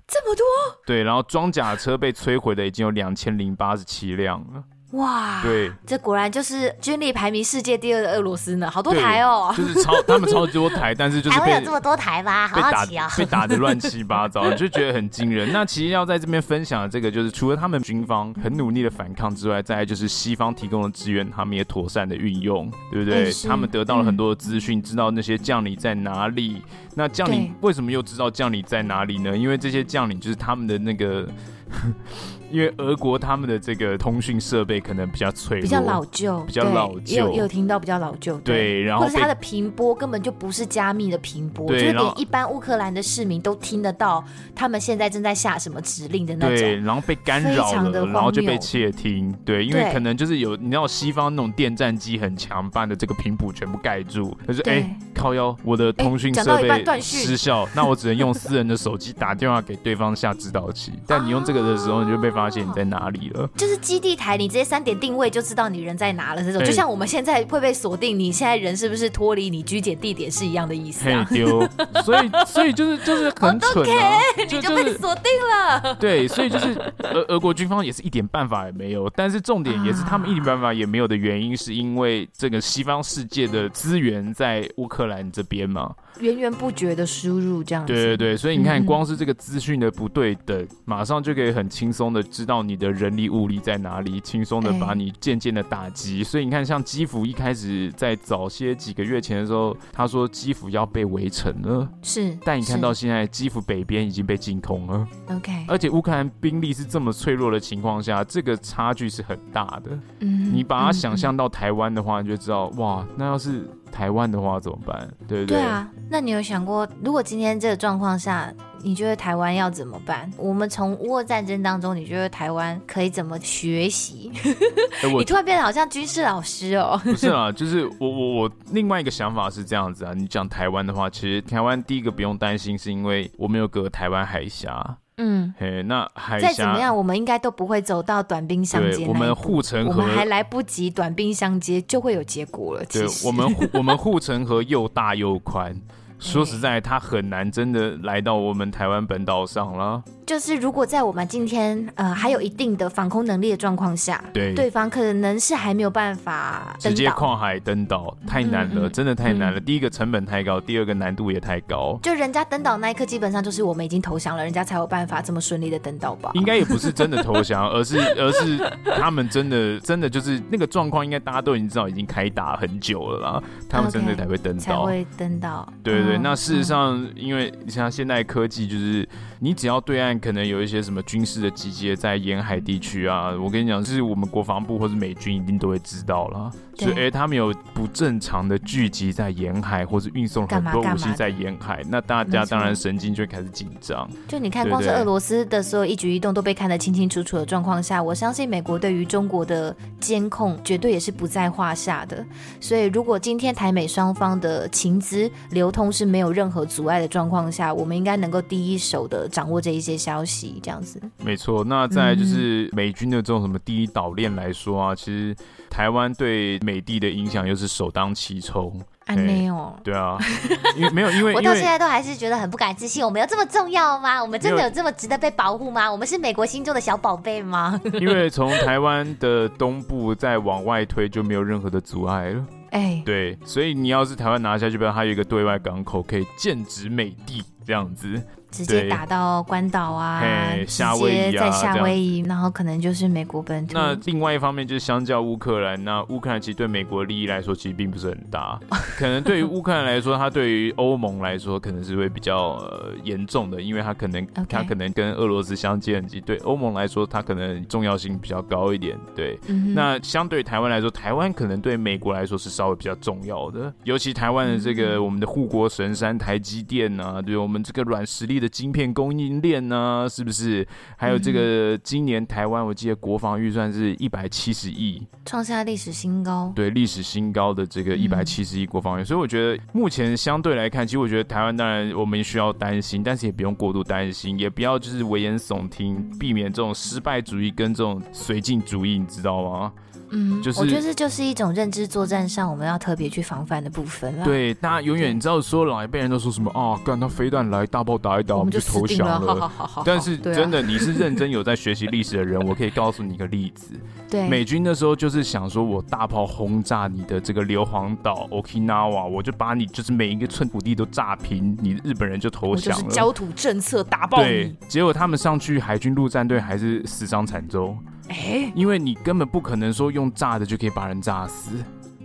Speaker 1: 這麼多？對，然後裝甲車被摧毀的已經有兩千零八十七輛了。
Speaker 2: 哇，對，這果然就是軍力排名世界第二的俄羅斯呢，好多台哦，就是超他們超級多台， 但是就是還會有這麼多台嗎，好奇哦？被打的被打的亂七
Speaker 1: 八糟， 就覺得很驚人。 那其實要在這邊分享的這個，就是除了他們軍方很努力的反抗之外，再來就是西方提供的資源，他們也妥善的運用，對不對？欸、他們得到了很多的資訊，嗯、知道那些將領在哪裡。那將領為什麼又知道將領在哪裡呢？對因為這些將領就是他們的那個。 因為俄國他們的這個通訊設備可能比較脆弱，比較老舊，比較老舊。也有也有
Speaker 2: 聽到比較老舊。對，然後。或是它的頻波根本就不是加密的頻波，對就是連一般烏克蘭的市民都聽得到他們現在正在下什麼指令的那種。對，
Speaker 1: 然後被干擾了，非常的然後就被竊聽。對，因為可能就是有你知道西方那種電戰機很強，把你的這個頻譜全部蓋住。他說：“哎對，靠腰，我的通訊設備失效，到一半失效，那我只能用私人的手機打電話給對方下指導器。 但你用這個的時候，你就被發。”發現你在哪裡了？
Speaker 2: 就是基地台，你直接三點定位就知道你人在哪了。這種嘿就像我們現在會被鎖定，你現在人是不是脫離你居檢地點是一樣的意思、啊？可丟、哦，所以
Speaker 1: 所以就是就是很蠢、啊，你就被
Speaker 2: 鎖定了。對，所以就是
Speaker 1: 俄俄國軍方也是一點辦法也沒有。但是重點也是他們一點辦法也沒有的原因，是因為這個西方世界的資源在烏克蘭這邊嘛，
Speaker 2: 源源不絕的輸入，這樣子。對對
Speaker 1: 對，所以你看，光是這個資訊的不對的，嗯、馬上就可以很輕鬆的。知道你的人力物力在哪裡，輕鬆的把你漸漸的打擊。欸、所以你看，像基輔一開始在早些幾個月前的時候，他說基輔要被圍城了，是。但你看到現在，基輔北邊已經被進攻了。OK，是而且烏克蘭兵力是這麼脆弱的情況下，這個差距是很大的。嗯哼，你把它想象到台灣的話，嗯、哼你就知道哇，那要是。台灣的話怎麼辦？對不對？對啊，
Speaker 2: 那你有想過，如果今天這個狀況下，你覺得台灣要怎麼辦？我們從烏俄戰爭當中，你覺得台灣可以怎麼學習？ 欸、我你突然變得好像軍事老師哦。不是
Speaker 1: 啊，就是我我我另外一個想法是這樣子啊。你講台灣的話，其實台灣第一個不用擔心，是因為我們有隔台灣海峽。嗯，嘿，那還再怎麼樣，我
Speaker 2: 們應該都不會走到短兵相接。我們
Speaker 1: 護城河，還來
Speaker 2: 不及短兵相接，就會有結果了。對，我們護
Speaker 1: 我們護城河又大又寬。 說實在，他很難真的來到我們台灣本島上了。
Speaker 2: 就是如果在我們今天呃還有一定的防空能力的狀況下，對，對方可能是還沒有辦法直接跨
Speaker 1: 海登島，太難了，嗯、真的太難了。嗯、第一個成本太高，第二個難度也太高。
Speaker 2: 就人家登島那一刻，基本上就是我們已經投降了，人家才有辦法這麼順利的登島吧？
Speaker 1: 應該也不是真的投降， 而是而是他們真的真的就是那個狀況，應該大家都已經知道，已經開打很久了啦。他們真的才會登島，Okay,
Speaker 2: 才會登島，嗯、對對。對，那
Speaker 1: 事實上，因為你像現代科技就是。你只要對岸可能有一些什麼軍事的集結在沿海地區啊，我跟你講，就是我們國防部或是美軍一定都會知道了。對所以，欸，他們有不正常的聚集在沿海，或是運送很多武器在沿海，那大家當然神經就會開始緊張。對
Speaker 2: 對對，就你看，光是俄羅斯的所有一舉一動都被看得清清楚楚的狀況下，我相信美國對於中國的監控絕對也是不在話下的。所以，如果今天台美雙方的情資流通是沒有任何阻礙的狀況下，我們應該能夠第一手的。掌握著一些消息，這樣子
Speaker 1: 沒錯。那在就是美軍的這種什麼第一島鏈來說啊，嗯、哼其實台灣對美帝的影響又是首當其衝。
Speaker 2: 啊，沒有、欸，
Speaker 1: 哦、對啊 因為，沒有，因為我到現在
Speaker 2: 都還是覺得很不敢置信。 我們有這麼重要嗎？我們真的有這麼值得被保護嗎？有我們是美國心中的小寶貝嗎？ 因為從
Speaker 1: 台灣的東部再往外推，就沒有任何的阻礙了。哎、欸，對，所以你要是台灣拿下去，不要它有一個對外港口可以劍指美帝，這樣子。直接打
Speaker 2: 到關島啊，對直接在夏威夷，啊，然後可能就是美國本土。那
Speaker 1: 另外一方面就是相較烏克蘭，那烏克蘭其實對美國的利益來說其實並不是很大， 可能對於烏克蘭來說，他對於歐盟來說可能是會比較、呃、嚴重的，因為他可能他 Okay. 可能跟俄羅斯相接，對歐盟來說他可能重要性比較高一點。對，mm hmm. 那相對台灣來說，台灣可能對美國來說是稍微比較重要的，尤其台灣的這個、mm hmm. 我們的護國神山台積電啊，對我們這個軟實力，的晶片供應鏈呢，是不是？還有這個今年台灣，我記得國防預算是一百七十億，
Speaker 2: 創下歷史新高。
Speaker 1: 對，歷史新高的這個一百七十億國防預算，嗯、所以我覺得目前相對來看，其實我覺得台灣當然我們需要擔心，但是也不用過度擔心，也不要就是危言聳聽，避免這種失敗主義跟這種綏靖主義，你知道嗎？
Speaker 2: 嗯，就是我覺得就是一種認知作戰上，我們要特別去防範的部分了。對，
Speaker 1: 大家永遠你知道說了，老一輩人都說什麼啊？幹他飛彈來大炮打一打，我們,我們就投降了。好好好好但是、啊、真的，你是認真有在學習歷史的人，對啊、 我可以告訴你一個例子。對。美軍那時候就是想說，我大炮轟炸你的這個硫磺島 （Okinawa），、ok、我就把你就是每一個寸土地都炸平，你日本人就投降了。焦
Speaker 2: 土政策打爆，對，
Speaker 1: 結果他們上去海軍陸戰隊還是死傷慘重。欸、因為你根本不可能說用炸的就可以把人炸死，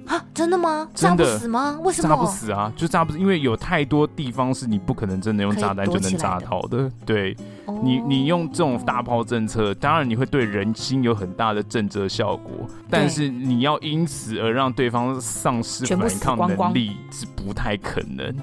Speaker 2: 啊、真的嗎？炸不死嗎？為什麼？炸不死
Speaker 1: 啊，就炸不死，因為有太多地方是你不可能真的用炸彈就能炸到的。對，哦、你你用這種大炮政策，當然你會對人心有很大的震懾效果，對但是你要因此而讓對方喪失反抗能力，光光是不太可能。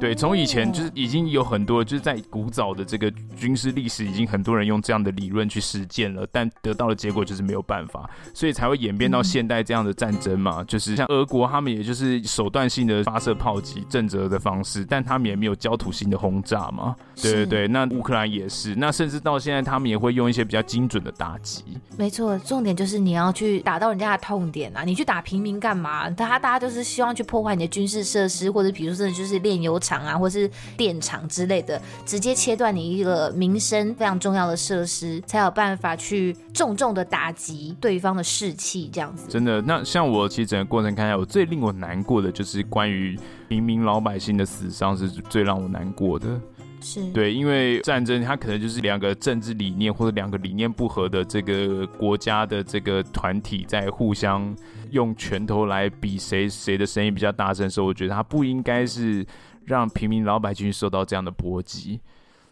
Speaker 1: 對，從以前就是已經有很多就是在古早的這個軍事歷史，已經很多人用這樣的理論去實踐了，但得到的結果就是沒有辦法，所以才會演變到現代這樣的戰爭嘛。嗯、就是像俄國，他們也就是手段性的發射炮擊、震澤的方式，但他們也沒有焦土性的轟炸嘛。是對對對，那烏克蘭也是，那甚至到現在他們也會用一些比較精準的打擊。
Speaker 2: 沒錯，重點就是你要去打到人家的痛點啊！你去打平民幹嘛？大家大家就是希望去破壞你的軍事設施，或者比如說真的就是煉油廠。場啊，或是電廠之類的，直接切斷你一個民生非常重要的設施，才有辦法去重重的打擊對方的士氣，這樣
Speaker 1: 子。真的。那像我其實整個過程看下來，我最令我難過的，就是關於平民老百姓的死傷是最讓我難過的。是，對，因為戰爭它可能就是兩個政治理念或者兩個理念不合的這個國家的這個團體在互相用拳頭來比誰誰的聲音比較大聲，所以我覺得他不應該是讓平民老百姓受到這樣的波及。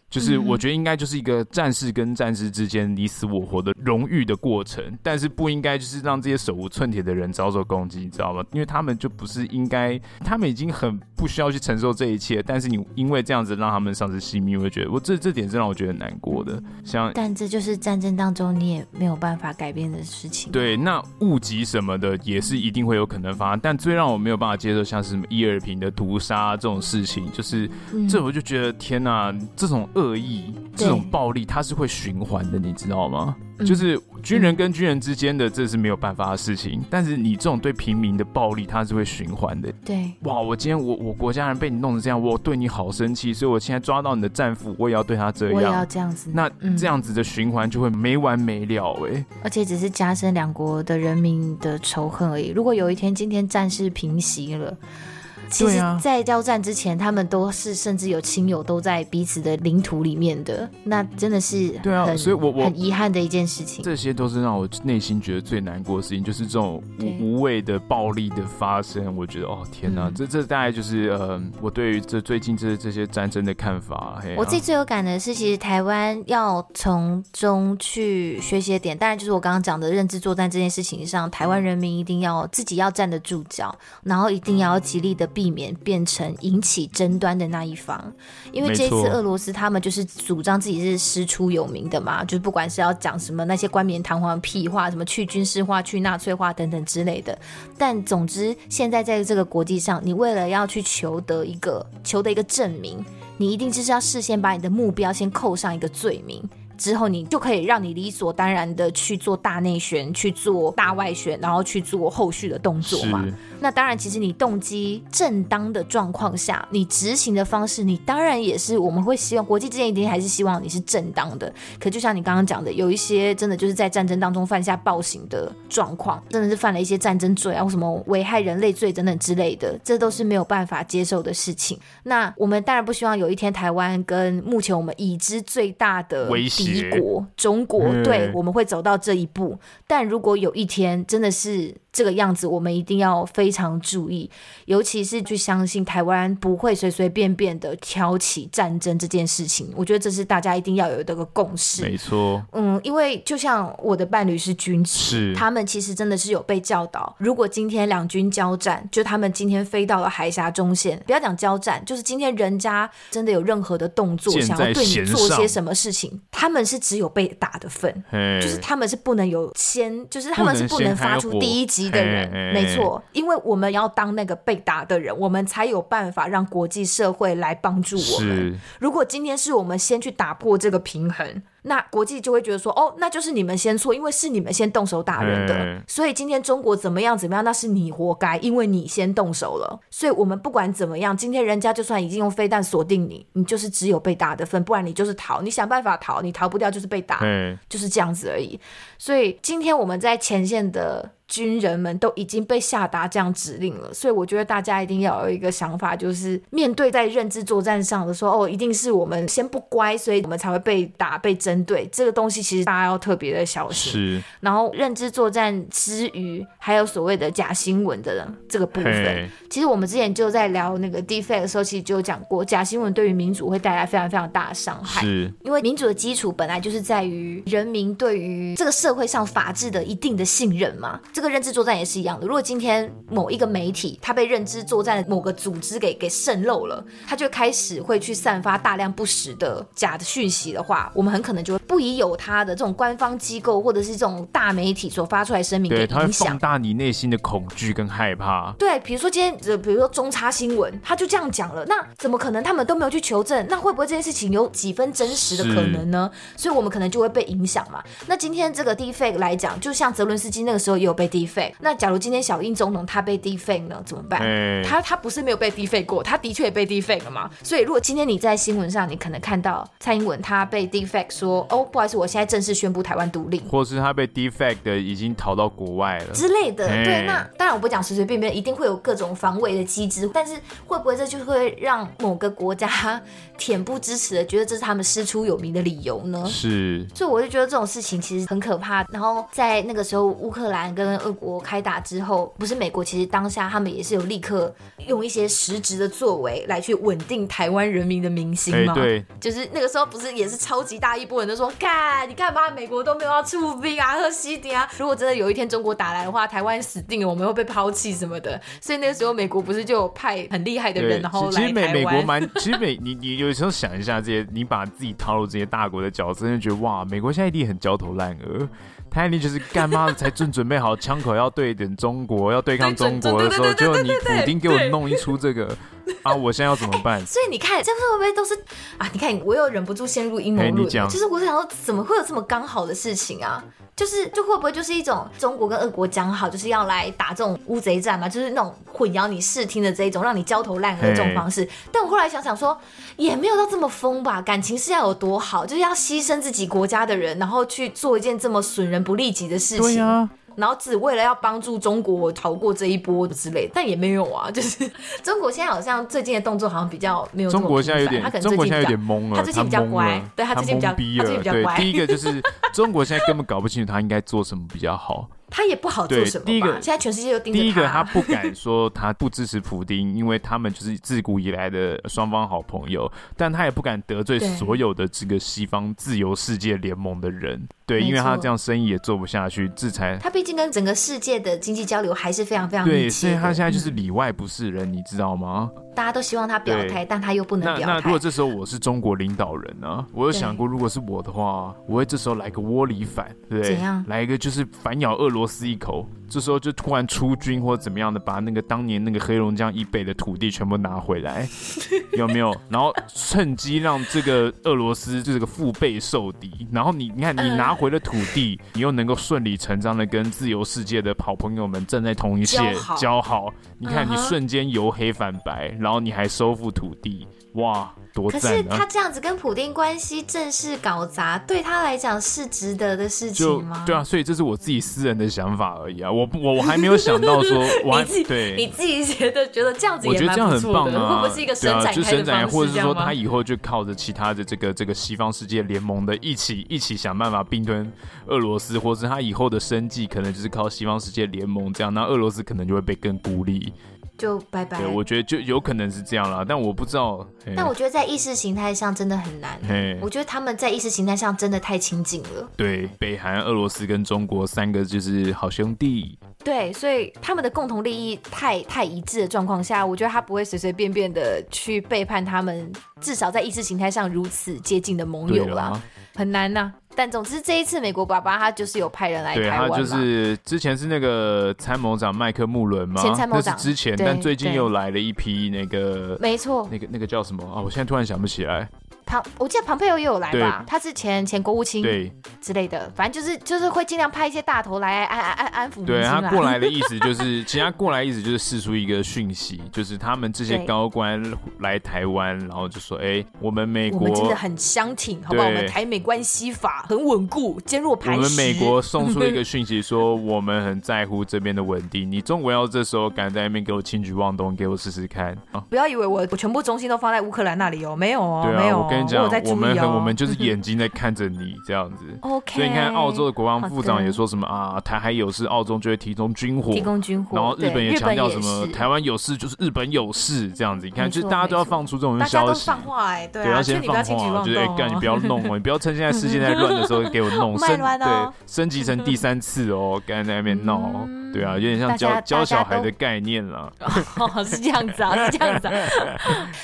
Speaker 1: 就是我覺得應該就是一個戰士跟戰士之間你死我活的榮譽的過程，但是不應該就是讓這些手無寸鐵的人遭受攻擊，你知道嗎？因為他們就不是應該，他們已經很不需要去承受這一切。但是你因為這樣子讓他們喪失性命，我覺得我這這點是讓我覺得難過的。像但
Speaker 2: 這就是戰爭當中你也沒有辦法改變的事情，啊。對，
Speaker 1: 那誤擊什麼的也是一定會有可能發生。但最讓我沒有辦法接受，像是什麼伊爾平的屠殺，啊、這種事情，就是這我就覺得天哪，這種。惡意這種暴力，對它是會循環的，你知道嗎？嗯、就是軍人跟軍人之間的，這是沒有辦法的事情。嗯、但是你這種對平民的暴力，它是會循環的。對，哇！我今天我我國家人被你弄得這樣，我對你好生氣，所以我現在抓到你的戰俘，我也要對他這樣。我也要這樣子。那這樣子的循環就會沒完沒了哎、
Speaker 2: 欸。而且只是加深兩國的人民的仇恨而已。如果有一天今天戰事平息了，其實，在交戰之前，啊、他們都是甚至有親友都在彼此的領土裡面的，那真的是對啊，所以我，我很遺
Speaker 1: 憾的一件事情。這些都是讓我內心覺得最難過的事情，就是這種無無謂對的暴力的發生。我覺得，哦天哪，嗯、這這大概就是呃，我對於這最近這這些戰爭的看法。嘿我自己最
Speaker 2: 有感的是，其實台灣要從中去學習的點，當然就是我剛剛講的認知作戰這件事情上，台灣人民一定要自己要站得住腳，然後一定要極力的。避免變成引起爭端的那一方，因為這一次俄羅斯他們就是主張自己是師出有名的嘛，沒錯。就是不管是要講什麼那些冠冕堂皇屁話，什麼去軍事化、去納粹化等等之類的。但總之，現在在這個國際上，你為了要去求得一個求得一個證明，你一定就是要事先把你的目標先扣上一個罪名，之後你就可以讓你理所當然的去做大內宣，去做大外宣，然後去做後續的動作嘛。那當然，其實你動機正當的狀況下，你執行的方式，你當然也是我們會希望，國際之間一定還是希望你是正當的。可就像你剛剛講的，有一些真的就是在戰爭當中犯下暴行的狀況，真的是犯了一些戰爭罪啊，或什麼危害人類罪等等之類的，這都是沒有辦法接受的事情。那我們當然不希望有一天台灣跟目前我們已知最大的敵國威脅，中國，嗯，對，我們會走到這一步。但如果有一天真的是。這個樣子，我們一定要非常注意，尤其是去相信台灣不會隨隨便便的挑起戰爭這件事情。我覺得這是大家一定要有的個共識。沒
Speaker 1: 錯，
Speaker 2: 嗯，因為就像我的伴侶是軍職，是他們其實真的是有被教導，如果今天兩軍交戰，就他們今天飛到了海峽中線，不要講交戰，就是今天人家真的有任何的動作，想要對你做些什麼事情，他們是只有被打的份，就是他們是不能有先，就是他們是不能發出第一擊。一個人，嗯，沒錯，因為我們要當那個被打的人，我們才有辦法讓國際社會來幫助我們。是如果今天是我們先去打破這個平衡，那國際就會覺得說，哦，那就是你們先錯，因為是你們先動手打人的，嗯、所以今天中國怎麼樣怎麼樣，那是你活該，因為你先動手了。所以，我們不管怎麼樣，今天人家就算已經用飛彈鎖定你，你就是只有被打的份，不然你就是逃，你想辦法逃，你逃不掉就是被打，嗯、就是這樣子而已。所以，今天我們在前線的軍人們都已經被下達這樣指令了，所以我覺得大家一定要有一個想法，就是面對在認知作戰上的時候，哦，一定是我們先不乖，所以我們才會被打被針。對這個東西，其實大家要特別的小心。是，然後認知作戰之餘，還有所謂的假新聞的這個部分，嘿其實我們之前就在聊那個 Defect 的時候，其實就有講過，假新聞對於民主會帶來非常非常大的傷害。是，因為民主的基礎本來就是在於人民對於這個社會上法治的一定的信任嘛。這個認知作戰也是一樣的，如果今天某一個媒體，他被認知作戰的某個組織給給滲漏了，他就開始會去散發大量不實的假的訊息的話，我們很可能。就不宜有他的這種官方機構或者是這種大媒體所發出來的聲明影響，對他會放
Speaker 1: 大你內心的恐懼跟害怕。
Speaker 2: 對，比如說今天，比如說中差新聞，他就這樣講了，那怎麼可能？他們都沒有去求證，那會不會這件事情有幾分真實的可能呢？是所以，我們可能就會被影響嘛。那今天這個 deepfake 來講，就像澤倫斯基那個時候也有被 deepfake 那假如今天小英總統他被 deepfake 了，怎麼辦？哎、他他不是沒有被 deepfake 過，他的確也被 deepfake 了嘛。所以，如果今天你在新聞上，你可能看到蔡英文他被 deepfake 說。說哦，不好意思，我現在正式宣布台灣獨立，或
Speaker 1: 是他被 defect 已經逃到國外了之類的。欸、對，那當
Speaker 2: 然我不講隨隨便便，一定會有各種防偽的機制。但是會不會這就會讓某個國家恬不知恥的覺得這是他們師出有名的理由呢？是，所以我就覺得這種事情其實很可怕。然後在那個時候，烏克蘭跟俄國開打之後，不是美國，其實當下他們也是有立刻用一些實質的作為來去穩定台灣人民的民心嗎？欸、對，就是那個時候不是也是超級大一波。人都說，看你幹嘛？美國都沒有要出兵啊，喝西北啊！如果真的有一天中國打來的話，台灣死定了，我們會被拋棄什麼的。所以那個時候，美國不是就有派很厲害的人，然後來台灣？其實美美國蠻，
Speaker 1: 其實美你你有時候想一下這些，你把自己套入這些大國的角色，覺得哇，美國現在一定很焦頭爛額。台你就是幹嘛才正準，準備好槍口要對準中國，要對抗中國的時候，就你普丁給我弄一出這個。對對對對對對對。 啊！我現在要怎麼辦？欸、所
Speaker 2: 以你看，這樣會不會都是啊？你看，我又忍不住陷入陰謀論。就是我在想說，怎麼會有這麼剛好的事情啊？就是，就會不會就是一種中國跟俄國講好，就是要來打這種烏賊戰嘛？就是那種混淆你視聽的這一種，讓你焦頭爛額的這種方式。嘿嘿。但我後來想想說，也沒有到這麼瘋吧？感情是要有多好，就是要犧牲自己國家的人，然後去做一件這麼損人不利己的事情？對啊。然後只為了要幫助中國逃過這一波之類的，但也沒有啊，就是中國現在好像最近的動作好像比較沒有那麼頻繁。中國現在有點懵了，他可能最近，他懵了，他最近比較乖，他對他最近比較，他懵逼了，他最近比較乖。對，第一個就是
Speaker 1: 中國現在根本搞不清楚他應該做什麼比較好。
Speaker 2: 他也不好做什麼吧。第一個現在全世界都盯着他，第一個他不敢
Speaker 1: 說他不支持普丁， 因為他們就是自古以來的雙方好朋友。但他也不敢得罪所有的這個西方自由世界聯盟的人，對，對，因為他這樣生意也做不下去，制裁。他
Speaker 2: 畢竟跟整個世界的經濟交流還是非常非常密切的，對，所以他
Speaker 1: 現在就是裡外不是人，嗯、你知道嗎？
Speaker 2: 大家都希望他表態，對但他又不能表態。那如果
Speaker 1: 這時候我是中國領導人呢？啊？我有想過，如果是我的話，我會這時候來個窩裡反，對，怎樣？來一個就是反咬俄羅斯一口。這時候就突然出軍或者怎麼樣的，把那個當年那個黑龍江以北的土地全部拿回來，有沒有？ 然後趁機讓這個俄羅斯這個腹背受敵，然後你你看你拿回了土地，呃、你又能夠順理成章地跟自由世界的好朋友們站在同一線交好，交好，你看你瞬間由黑反白，嗯、哼然後你還收復土地。哇，多贊、啊！可是他這
Speaker 2: 樣子跟普丁關係正式搞砸，啊、對他來講是值得的事情嗎就？對啊，
Speaker 1: 所以這是我自己私人的想法而已啊。我我我還沒有想到說， 還你自己對
Speaker 2: 你自己覺得覺得這樣子也蠻不錯的，會不會是一個伸展？啊、就伸展或者是說他以後
Speaker 1: 就靠着其他的這個這個西方世界聯盟的一起一起想辦法併吞俄羅斯，或者他以後的生計可能就是靠西方世界聯盟這樣，那俄羅斯可能就會被更孤立。
Speaker 2: 就拜拜。對，我
Speaker 1: 覺得就有可能是這樣啦。但我不知道。但我
Speaker 2: 覺得在意識形態上真的很難啊，嘿我覺得他們在意識形態上真的太親近了。
Speaker 1: 對，北韓、俄羅斯跟中國三個就是好兄弟。
Speaker 2: 對，所以他們的共同利益太太一致的狀況下，我覺得他不會隨隨便便的去背叛他們，至少在意識形態上如此接近的盟友啦啊，啊，很難吶啊。但總之，這一次美國爸爸，他就是有派人來台灣。對，他就是
Speaker 1: 之前是那個參謀長麥克穆倫嗎？前參謀長。那是之前，對但最近又來了一批那個。沒錯對。那個那個叫什麼啊、哦？我現在突然想不起來。
Speaker 2: 龐，我記得龐佩奧也有來吧？對他是前前國務卿之類的，對反正就是就是會儘量派一些大頭來安安安安撫對，他過來的意思就是，
Speaker 1: 其實 他過來的意思就是釋出一個訊息，就是他們這些高官來台灣，對然後就說：“哎、欸，我們美國我們真
Speaker 2: 的很相挺，好不好？我們台美關係法很穩固，堅若磐石。”我們美國送出一個
Speaker 1: 訊息說，我們很在乎這邊的穩定。 你中國要這時候敢在那邊給我輕舉妄動，給我試試看啊！
Speaker 2: 不要以為我我全部中心都放在烏克蘭那裡哦、喔，沒有哦，啊、沒有、哦。我跟跟你講我們很我們
Speaker 1: 就是眼睛在看着你這樣子，
Speaker 2: 所以你看澳洲的國防部長也
Speaker 1: 說什麼啊，台海有事，澳洲就會提供軍火，提供
Speaker 2: 軍火。然後日本也強調什麼，台
Speaker 1: 灣有事就是日本有事這樣子。你看，就是大家都要放出這種消息，
Speaker 2: 對，要先放話，就是哎，幹你不要弄哦，你不
Speaker 1: 要趁現在世界在亂的時候給我弄升，對，升級成第三次哦，幹在那邊鬧，對啊，有點像教教小孩的概念了，
Speaker 2: 是這樣子啊，是這樣子。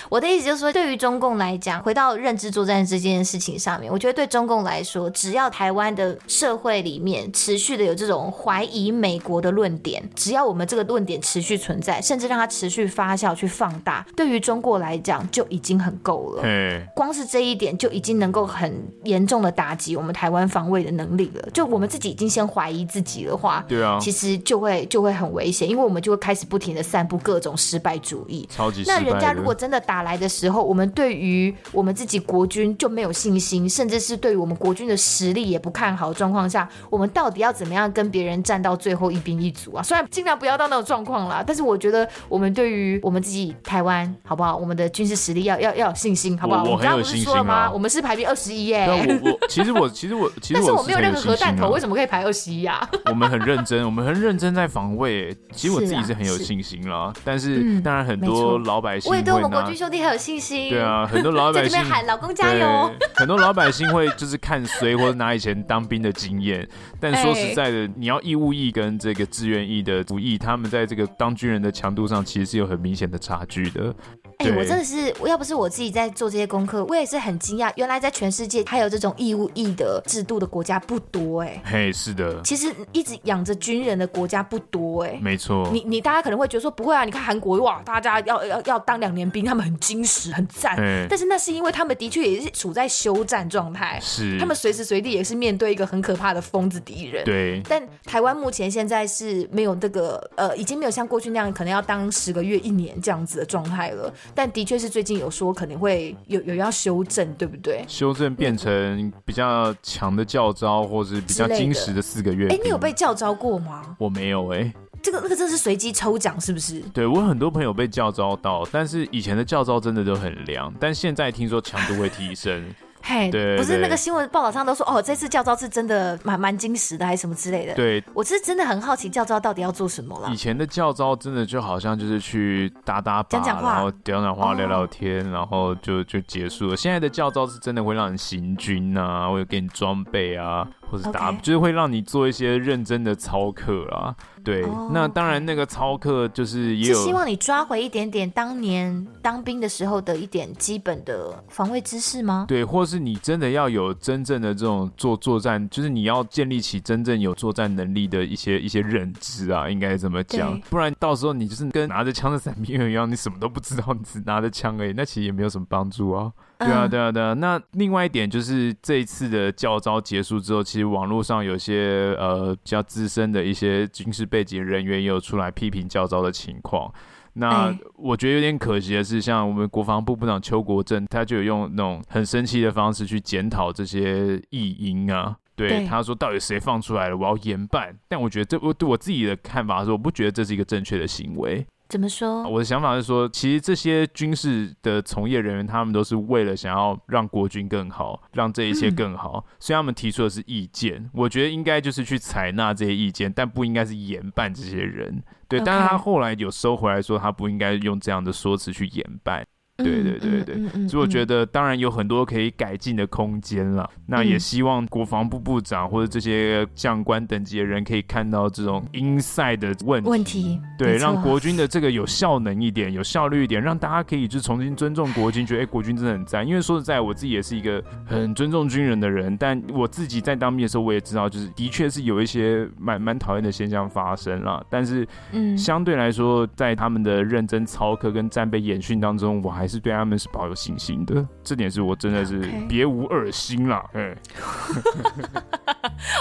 Speaker 2: 我的意思就是說，對於中共來講，回到日。認知作戰這件事情上面，我覺得對中共來說，只要台灣的社會裡面持續的有這種懷疑美國的論點，只要我們這個論點持續存在，甚至讓它持續發酵去放大，對於中國來講就已經很夠了。嗯，光是這一點就已經能夠很嚴重的打擊我們台灣防衛的能力了。就我們自己已經先懷疑自己的話，對啊，其實就會就會很危險，因為我們就會開始不停的散布各種失敗主義。
Speaker 1: 超級，那人家如果
Speaker 2: 真的打來的時候，我們對於我們自己，國軍就沒有信心，甚至是對於我們國軍的實力也不看好。狀況下，我們到底要怎麼樣跟別人戰到最後一兵一卒啊？雖然盡量不要到那種狀況啦，但是我覺得我們對於我們自己台灣好不好？我們的軍事實力要要要有信心，好不好？我，我，很有信心，啊、我剛剛不是說了嗎？啊、我們是排名二十一耶。對，我我
Speaker 1: 其實我其實我其實我沒有任何核彈頭，為什
Speaker 2: 麼可以排名二十一啊？
Speaker 1: 我們很認真，我們很認真在防衛，欸。其實我自己是很有信心啦，是啊，是但是，嗯，當然很多老百姓我也對我們國軍
Speaker 2: 兄弟很有信心。對啊，很多老百姓。 老公加油！
Speaker 1: 很多老百姓會就是看誰或者拿以前當兵的經驗， 但說實在的，你要義務役跟這個志願役的服役，他們在這個當軍人的強度上，其實是有很明顯的差距的。哎，欸、我真的
Speaker 2: 是，對要不是我自己在做這些功課，我也是很驚訝。原來在全世界還有這種義務義的制度的國家不多哎、
Speaker 1: 欸。嘿，是的，其實
Speaker 2: 一直養着軍人的國家不多哎、欸。沒錯，你你大家可能會覺得說不會啊，你看韓國哇，大家要要要當兩年兵，他們很矜持，很讚。嘿但是那是因為他們的確也是處在休戰狀態，是他們隨時隨地也是面對一個很可怕的瘋子敵人。對。但台灣目前現在是沒有那、這個呃，已經沒有像過去那樣可能要當十個月一年這樣子的狀態了。但的確是最近有說可能會有有要修正，對不對？
Speaker 1: 修正變成比較強的教召，嗯、或是比較精實的四個月。哎、欸，你有
Speaker 2: 被教召過嗎？
Speaker 1: 我沒有哎、欸。
Speaker 2: 這個、這、那個真是隨機抽獎是不是？
Speaker 1: 對，我很多朋友被教召到，但是以前的教召真的都很涼，但現在聽說強度會提升。
Speaker 2: 嘿，hey, 對不是那個新聞報道上都說對哦，這次教召是真的蠻蠻精實的，還是什麼之類的？對，我是真的很好奇，教召到底要做什麼了？
Speaker 1: 以前的教召真的就好像就是去打打靶，講講話，然後講講話，聊聊天，oh. 然後就就結束了。現在的教召是真的會讓你行軍啊，會有給你裝備啊。或者打，Okay. 就是會讓你做一些認真的操課啊。對，oh, okay. 那當然那個操課就是也有是希望
Speaker 2: 你抓回一點點當年當兵的時候的一點基本的防衛知識嗎？
Speaker 1: 對，或是你真的要有真正的這種做作戰，就是你要建立起真正有作戰能力的一些一些認知啊，應該怎麼講？對不然到時候你就是跟拿着槍的傘兵員一樣，你什麼都不知道，你只拿着槍而已，那其實也沒有什麼幫助啊。對啊，對啊，對啊。那另外一點就是，這一次的教召結束之後，其實網絡上有些呃比較資深的一些軍事背景人員也有出來批評教召的情況。那我覺得有點可惜的是，像我們國防部部長邱國正，他就有用那種很生氣的方式去檢討這些異音啊。對，對他說到底誰放出來了？我要嚴辦。但我覺得這我對我自己的看法是我不覺得這是一個正確的行為。
Speaker 2: 怎麼說？
Speaker 1: 我的想法是說，其實這些軍事的從業人員，他們都是為了想要讓國軍更好，讓這一切更好。嗯、所以他們提出的是意見，我覺得應該就是去採納這些意見，但不應該是嚴辦這些人。嗯、對，Okay. 但是他後來有收回來說，他不應該用這樣的說辭去嚴辦。對對對對，嗯嗯嗯嗯、所以我覺得當然有很多可以改進的空間了。那也希望國防部部長或者這些將官等級的人可以看到這種 inside 的問題，問題。對，啊、讓國軍的這個有效能一點，有效率一點，讓大家可以就重新尊重國軍，覺得哎、欸，國軍真的很讚。因為說實在，我自己也是一個很尊重軍人的人，但我自己在當兵的時候，我也知道就是的確是有一些蠻蠻討厭的現象發生了。但是，嗯，相對來說，在他們的認真操課跟戰備演訓當中，我還還是對他們是抱有信心的，這點是我真的是別無二心啦。哎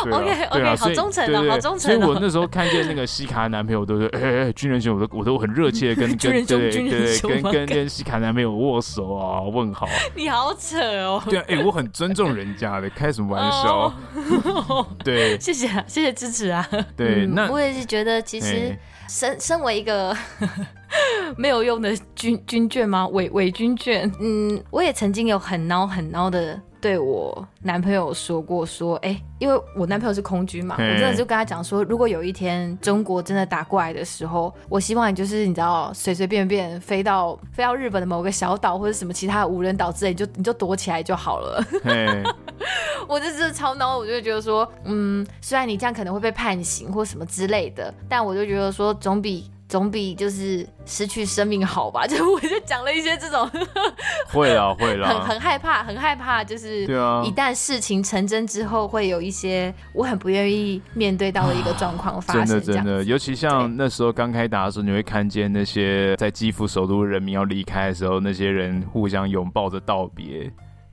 Speaker 1: ，OK OK，好忠誠啊，好忠誠！所以我那時候看見那個西卡男朋友，都是哎軍人兄，我都我都很熱切的跟跟跟跟西卡男朋友握手啊，問好。
Speaker 2: 你好扯哦！對，哎，我
Speaker 1: 很尊重人家的，開什麼玩笑？
Speaker 2: 對，謝謝謝謝支持啊！對，那我也是覺得其實。身身為一個 沒有用的軍軍眷嗎？偽偽軍眷。嗯，我也曾經有很孬很孬的對我男朋友說過，說，哎、欸，因為我男朋友是空軍嘛，Hey. 我真的就跟他講說，如果有一天中國真的打過來的時候，我希望你就是你知道，隨隨便便飛到飛到日本的某個小島或者什麼其他無人島之類，你就你就躲起來就好了。 hey. 我就是超惱，我就覺得說，嗯，雖然你這樣可能會被判刑或什麼之類的，但我就覺得說，總比總比就是失去生命好吧？就我就講了一些這種，
Speaker 1: 會啊會啊，很很
Speaker 2: 害怕，很害怕，就是對啊，一旦事情成真之後，會有一些我很不願意面對到的一個狀況發生，啊。真的真的，
Speaker 1: 對尤其像那時候剛開打的時候，你會看見那些在基輔首都人民要離開的時候，那些人互相擁抱着道別。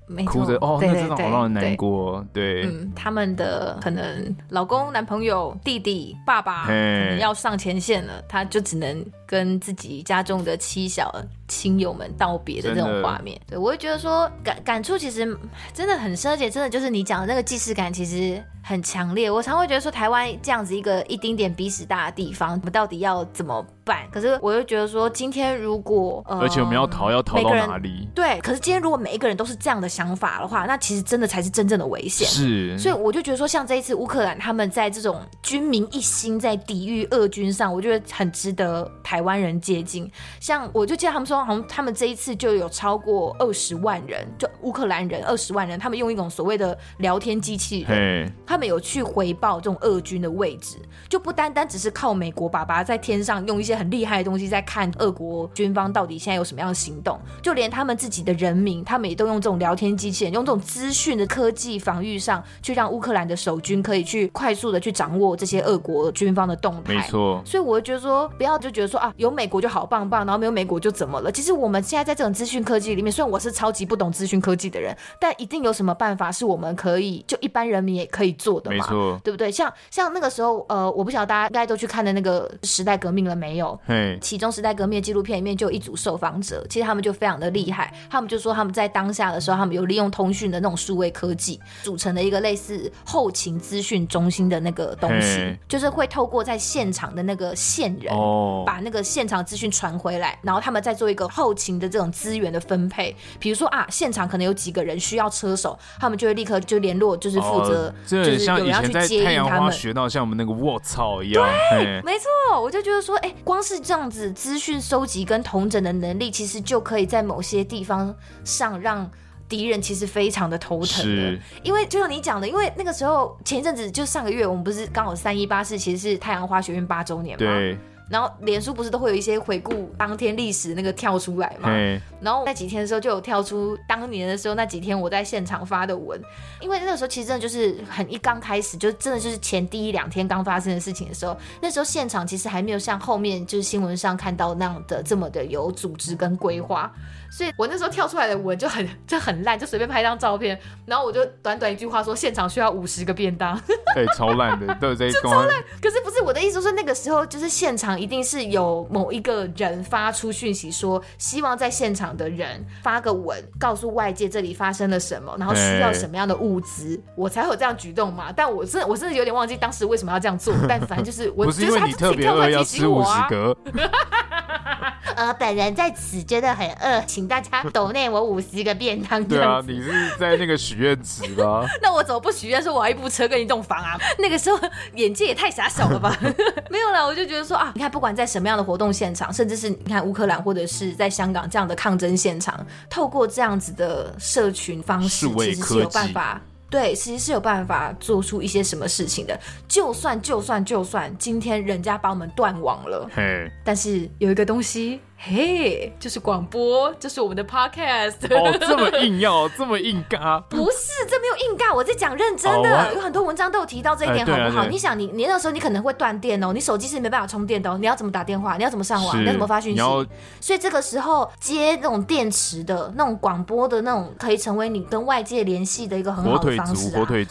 Speaker 2: 沒哭着對對對對哦，那真的好讓人難過。
Speaker 1: 對,對，對嗯，
Speaker 2: 他們的可能老公、男朋友、弟弟、爸爸嘿可能要上前線了，他就只能。跟自己家中的妻小的親友們道別的這種畫面，的對我就覺得說感感觸其實真的很深。而且真的就是你講的那個既視感，其實很強烈。我常會覺得說，台灣這樣子一個一丁點鼻屎大的地方，我們到底要怎麼辦？可是我又覺得說，今天如果、呃、而且我們要
Speaker 1: 逃，要逃到哪裡每個人？
Speaker 2: 對。可是今天如果每一個人都是這樣的想法的話，那其實真的才是真正的危險。是。所以我就覺得說，像這一次烏克蘭他們在這種軍民一心在抵禦俄軍上，我覺得很值得台台灣人接近，像我就記得他們說，好像他們這一次就有超過二十萬人，就烏克蘭人二十萬人，他們用一種所謂的聊天機器人，Hey. 他們有去回報這種俄軍的位置，就不單單只是靠美國爸爸在天上用一些很厲害的東西在看俄國軍方到底現在有什麼樣的行動，就連他們自己的人民，他們也都用這種聊天機器人，用這種資訊的科技防禦上去，讓烏克蘭的守軍可以去快速的去掌握這些俄國軍方的動態。沒錯錯，所以我就覺得說，不要就覺得說啊。有美國就好棒棒，然後沒有美國就怎麼了？其實我們現在在這種資訊科技裡面，雖然我是超級不懂資訊科技的人，但一定有什麼辦法是我們可以就一般人民也可以做的嘛？錯對不對？像像那個時候，呃，我不曉得大家應該都去看的那個時代革命了沒有？
Speaker 1: 嗯嘿，其
Speaker 2: 中時代革命的紀錄片裡面就有一組受訪者，其實他們就非常的厲害，他們就說他們在當下的時候，他們有利用通訊的那種數位科技，組成了一個類似後勤資訊中心的那個東西，嘿就是會透過在現場的那個線人，哦，把那個。現場資訊傳回來，然後他們再做一個後勤的這種資源的分配。比如說啊，現場可能有幾個人需要車手，他們就會立刻就聯絡，就是負責，就是有，有要去接應他們。哦，像，學
Speaker 1: 像我們那個臥槽一樣，對嗯，沒
Speaker 2: 錯，我就覺得說，哎，欸，光是這樣子資訊收集跟統整的能力，其實就可以在某些地方上讓敵人其實非常的頭疼。是因為就像你講的，因為那個時候前一陣子就上個月，我們不是剛好三一八四，其實是太陽花學運八週年嘛。對然後臉書不是都會有一些回顧當天歷史那個跳出來嘛？嘿然後那幾天的時候就有跳出當年的時候那幾天我在現場發的文，因為那個時候其實真的就是很一剛開始就真的就是前第一兩天剛發生的事情的時候，那時候現場其實還沒有像後面就是新聞上看到那樣的這麼的有組織跟規劃。所以我那時候跳出來的文就很就很爛，就隨便拍一張照片，然後我就短短一句話說現場需要五十個便當。對、 欸，
Speaker 1: 超爛的，對，這一公。超爛。
Speaker 2: 可是不是我的意思，是那個時候就是現場一定是有某一個人發出訊息說希望在現場的人發個文，告訴外界這裡發生了什麼，然後需要什麼樣的物資，欸、我才會有這樣舉動嘛。但我真的我真的有點忘記當時為什麼要這樣做，但反正就是我。 不是因為你特別餓要吃五十個。啊、 呃，本人在此覺得很餓。請大家抖內我五十個便當。對啊，
Speaker 1: 你是在那個許願池嗎？
Speaker 2: 那我怎麼不許願說我要一部車跟一棟房啊？那個時候眼界也太狹小了吧？ 沒有啦，我就覺得說啊，你看，不管在什麼樣的活動現場，甚至是你看烏克蘭或者是在香港這樣的抗爭現場，透過這樣子的社群方式，是其實是有辦法，對，其實是有辦法做出一些什麼事情的。就算就算就算今天人家把我們斷網了，Hey. 但是有一個東西。嘿，hey, 就是廣播，就是我們的 podcast、 哦。這麼硬
Speaker 1: 要，這麼硬尬？不
Speaker 2: 是，這沒有硬尬，我在講認真的。哦、有很多文章都有提到這一點，好不好？哎啊、你想你，你你那時候你可能會斷電哦，你手機是沒辦法充電的、哦，你要怎麼打電話？你要怎麼上網？是你要怎麼發訊息？要所以這個時候接那種電池的那種廣播的那種，可以成為你跟外界聯繫的一個很好的方式、啊火。火腿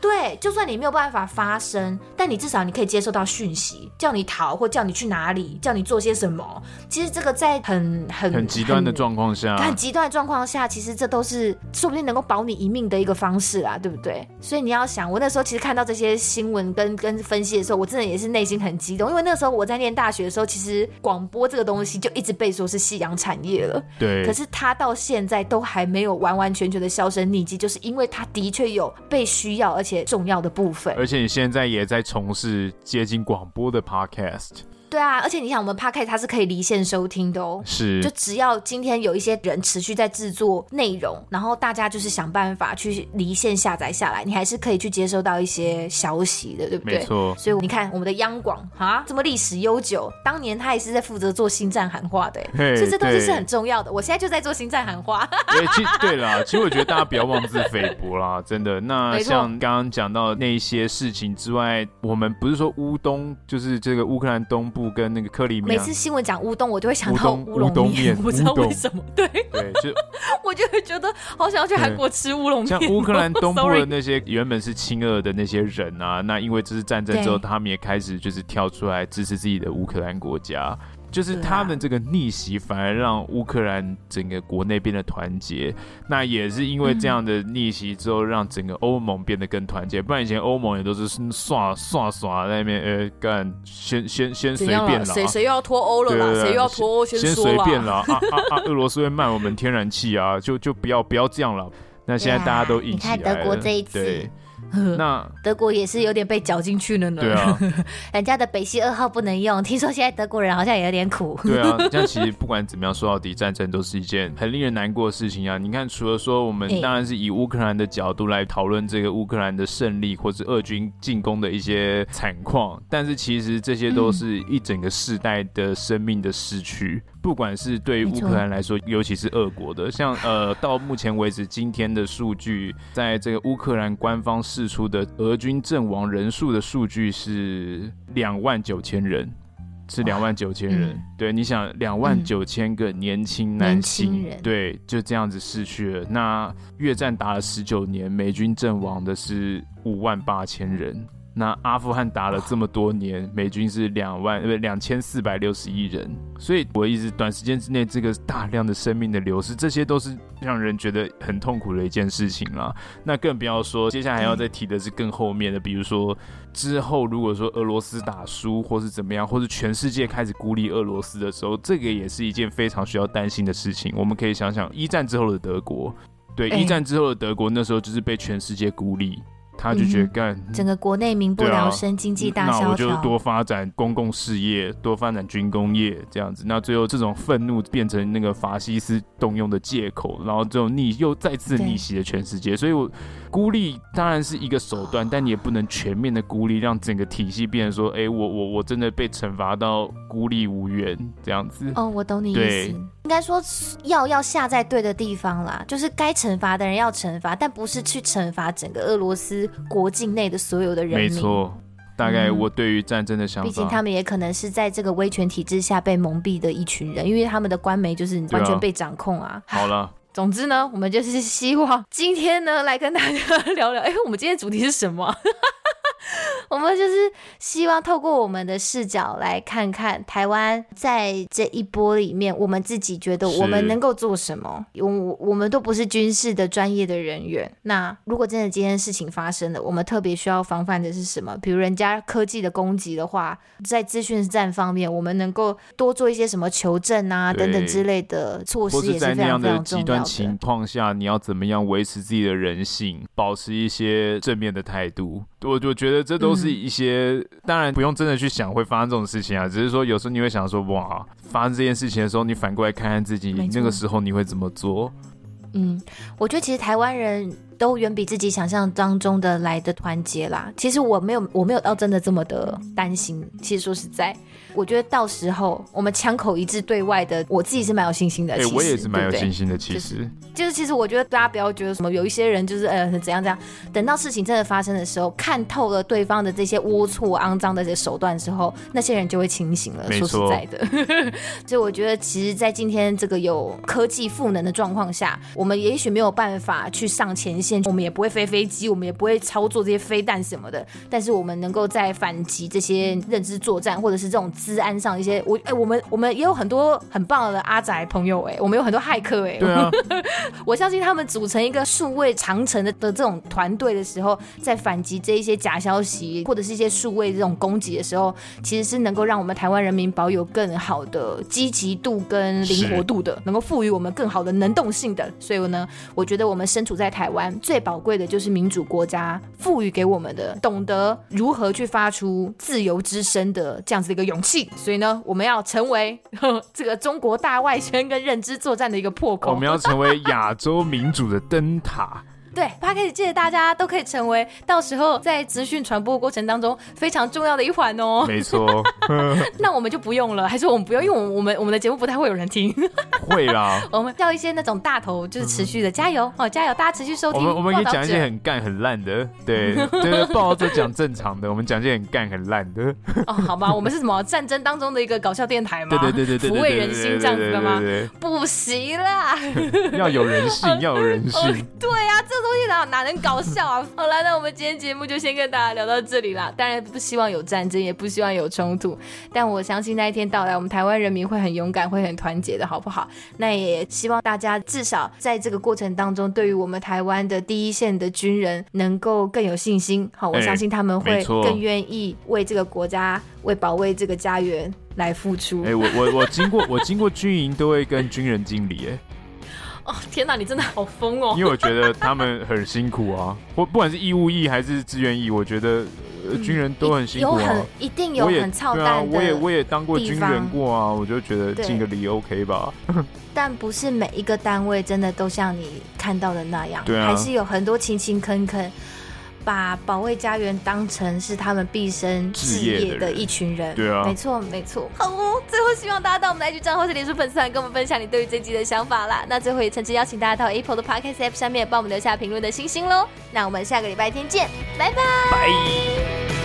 Speaker 2: 對，就算你沒有辦法發聲，但你至少你可以接受到訊息，叫你逃或叫你去哪裡，叫你做些什麼。其實這個在很很很極端的狀
Speaker 1: 況下很，很極
Speaker 2: 端的狀況下，其實這都是說不定能夠保你一命的一個方式啦、啊，對不對？所以你要想，我那時候其實看到這些新聞跟跟分析的時候，我真的也是內心很激動，因為那時候我在念大學的時候，其實廣播這個東西就一直被說是夕陽產業了，對。可是它到現在都還沒有完完全全的銷聲匿跡，就是因為它的確有被需要，而且。且重要的部分，而
Speaker 1: 且你現在也在從事接近廣播的 Podcast。
Speaker 2: 對啊，而且你想，我們 Podcast 它是可以離線收聽的哦。是，就只要今天有一些人持續在製作內容，然後大家就是想辦法去離線下載下來，你還是可以去接收到一些消息的，對不對？沒錯。所以你看，我們的央廣哈，這麼歷史悠久，當年他也是在負責做《心戰》喊話的，嘿所以這東西是很重要的。對我現在就在做《心戰》喊話。對 其實，對
Speaker 1: 啦，其實我覺得大家不要妄自菲薄啦，真的。那像剛剛講到的那些事情之外，我們不是說烏東，就是這個烏克蘭東。跟那個克里，每次新
Speaker 2: 聞講烏冬，我都會想到烏冬麵，冬不知道為什麼，對冬，對，就 我就會覺得好想要去韓國吃烏龍麵。像烏克蘭東部的
Speaker 1: 那些原本是親俄的那些人啊， 那因為這是戰爭之後，對他們也開始就是跳出來支持自己的烏克蘭國家。就是他們這個逆襲，反而讓烏克蘭整個國內變得團結。啊、那也是因為這樣的逆襲之後，讓整個歐盟變得更團結。嗯、不然以前歐盟也都是刷刷刷在那邊，呃、欸，干先先先隨便啦了，誰誰又要脫歐了，了？對，誰又要脫歐？先隨便了啊啊啊！俄羅斯會賣我們天然氣啊，就就不要不要這樣了。那現在大家都一起來了。Yeah, 你看德國這一次。呵呵，
Speaker 2: 那德國也是有點被攪進去了呢。對啊， 人家的北溪二號不能用，聽說現在德國人好像也有點苦。對啊，但其實
Speaker 1: 不管怎麼樣，說到底，戰爭都是一件很令人難過的事情啊。你看，除了說我們當然是以烏克蘭的角度來討論這個烏克蘭的勝利，或者是俄軍進攻的一些慘況，但是其實這些都是一整個世代的生命的失去。嗯不管是對於烏克蘭來說，沒錯。尤其是俄國的，像呃，到目前為止，今天的數據，在這個烏克蘭官方釋出的俄軍陣亡人數的數據是兩萬九千人，是兩萬九千人。哦嗯、對，你想，兩萬九千個年輕男性，嗯、對，就這樣子逝去了。那越戰打了十九年，美軍陣亡的是五萬八千人。那阿富汗打了這麼多年，美軍是兩萬呃不兩千四百六十一人，所以我意思是短時間之內，這個大量的生命的流失，這些都是讓人覺得很痛苦的一件事情了。那更不要說接下來要再提的是更後面的，比如說之後如果說俄羅斯打輸或是怎麼樣，或是全世界開始孤立俄羅斯的時候，這個也是一件非常需要擔心的事情。我們可以想想一戰之後的德國，對、欸、一戰之後的德國那時候就是被全世界孤立。他就覺得，嗯、哼幹整
Speaker 2: 個國內民不聊生，啊、經濟大蕭條、嗯，那我就多
Speaker 1: 發展公共事業，多發展軍工業這樣子。那最後，這種憤怒變成那個法西斯動用的借口，然後最後逆又再次逆襲了全世界。對所以我。孤立當然是一個手段，但你也不能全面的孤立，讓整個體系變成說，哎、欸，我我我真的被懲罰到孤立無援這樣子。哦，我懂你意思。對。
Speaker 2: 應該說要要下在對的地方啦，就是該懲罰的人要懲罰，但不是去懲罰整個俄羅斯國境內的所有的人民。沒錯，
Speaker 1: 大概我對於戰爭的想法。嗯，畢竟他
Speaker 2: 們也可能是在這個威權體制下被蒙蔽的一群人，因為他們的官媒就是完全被掌控啊。啊。好了。總之呢，我們就是希望今天呢來跟大家聊聊。哎、欸，我們今天的主題是什麼？ 我們就是希望透過我們的視角來看看台灣在這一波裡面，我們自己覺得我們能夠做什麼。是我們我們都不是軍事的專業的人員，那如果真的今天事情發生了，我們特別需要防範的是什麼？比如人家科技的攻擊的話，在資訊戰方面，我們能夠多做一些什麼求證啊對等等之類的措施也是非常非常重要的。情
Speaker 1: 況下，你要怎麼樣維持自己的人性，Okay. 保持一些正面的態度？我就覺得這都是一些，嗯、當然不用真的去想會發生這種事情啊。只是說，有時候你會想說，哇，發生這件事情的時候，你反過來看看自己錯那個時候你會怎麼做？
Speaker 2: 嗯，我覺得其實台灣人都遠比自己想象當中的來的團結啦。其實我沒有，我沒有到真的這麼的擔心。其實說實在。我覺得到時候我們槍口一致對外的，我自己是蠻有信心的。哎，我也是蠻有信
Speaker 1: 心的。其實、欸對對就
Speaker 2: 是，就是其實我覺得大家不要覺得什麼，有一些人就是呃怎樣怎樣。等到事情真的發生的時候，看透了對方的這些齷齪、骯髒的這些手段之後，那些人就會清醒了。沒錯。說實在的，所 以我覺得，其實，在今天這個有科技賦能的狀況下，我們也許沒有辦法去上前線，我們也不會飛飛機，我們也不會操作這些飛彈什麼的。但是，我們能夠在反擊這些認知作戰，或者是這種。資安上一些我哎、欸、我們我們也有很多很棒的阿宅朋友哎、欸、我們有很多駭客哎、欸，啊、 我相信他們組成一個數位長城的的這種團隊的時候，在反擊這一些假消息或者是一些數位這種攻擊的時候，其實是能夠讓我們台灣人民保有更好的積極度跟靈活度的，是能夠賦予我們更好的能動性的。所以呢，我覺得我們身處在台灣最寶貴的就是民主國家賦予給我們的，懂得如何去發出自由之聲的這樣子的一個勇氣。所以呢，我們要成為這個中國大外宣跟認知作戰的一個破口。我們要
Speaker 1: 成為亞洲民主的燈塔。
Speaker 2: 對，他可以，借著大家都可以成為，到時候在資訊傳播過程當中非常重要的一環哦。
Speaker 1: 沒錯，
Speaker 2: 那我們就不用了，還是我們不用，因為我我們我們的節目不太會有人聽。
Speaker 1: 會啦，
Speaker 2: 我們叫一些那種大頭，就是持續的加油哦，加油，大家持續收聽。我們可以講一些很
Speaker 1: 乾很爛的，對，不好抱講正常的，我們講一些很乾很爛的。
Speaker 2: 哦，好吧，我們是什麼戰爭當中的一個搞笑電台嗎？對對對對對，撫慰人心這樣子的嗎？不行啦，
Speaker 1: 要有人性，要有人性。
Speaker 2: 對啊，這種。東西哪能搞笑啊！好了，那我們今天節目就先跟大家聊到這裡啦。當然不希望有戰爭，也不希望有衝突，但我相信那一天到來，我們台灣人民會很勇敢，會很團結的，好不好？那也希望大家至少在這個過程當中，對於我們台灣的第一線的軍人，能夠更有信心。好，我相信他們會更願意為這個國家、為保衛這個家園來付出。哎、欸，我我我
Speaker 1: 經過我經過軍營，都會跟軍人敬禮哎。
Speaker 2: 哦，天哪，你真的好瘋哦！因為我
Speaker 1: 覺得他們很辛苦啊，不 不管是義務役還是志願役，我覺得、呃、軍人都很辛苦、啊嗯、有很，一定有也很操蛋、啊。我也我也當過軍人過啊，方我就覺得敬個禮 OK 吧。對
Speaker 2: 但不是每一個單位真的都像你看到的那樣，對、啊、還是有很多勤勤懇懇。.把保衛家園當成是他們畢生事業的、業的一群人，對啊，沒錯沒錯。好哦，最後希望大家到我們的 IG 帳號這裡做粉絲團，跟我們分享你對於這集的想法啦。那最後也曾經邀請大家到 Apple 的 Podcast App 上面幫我們留下評論的星星嘍。那我們下個禮拜天見，拜拜。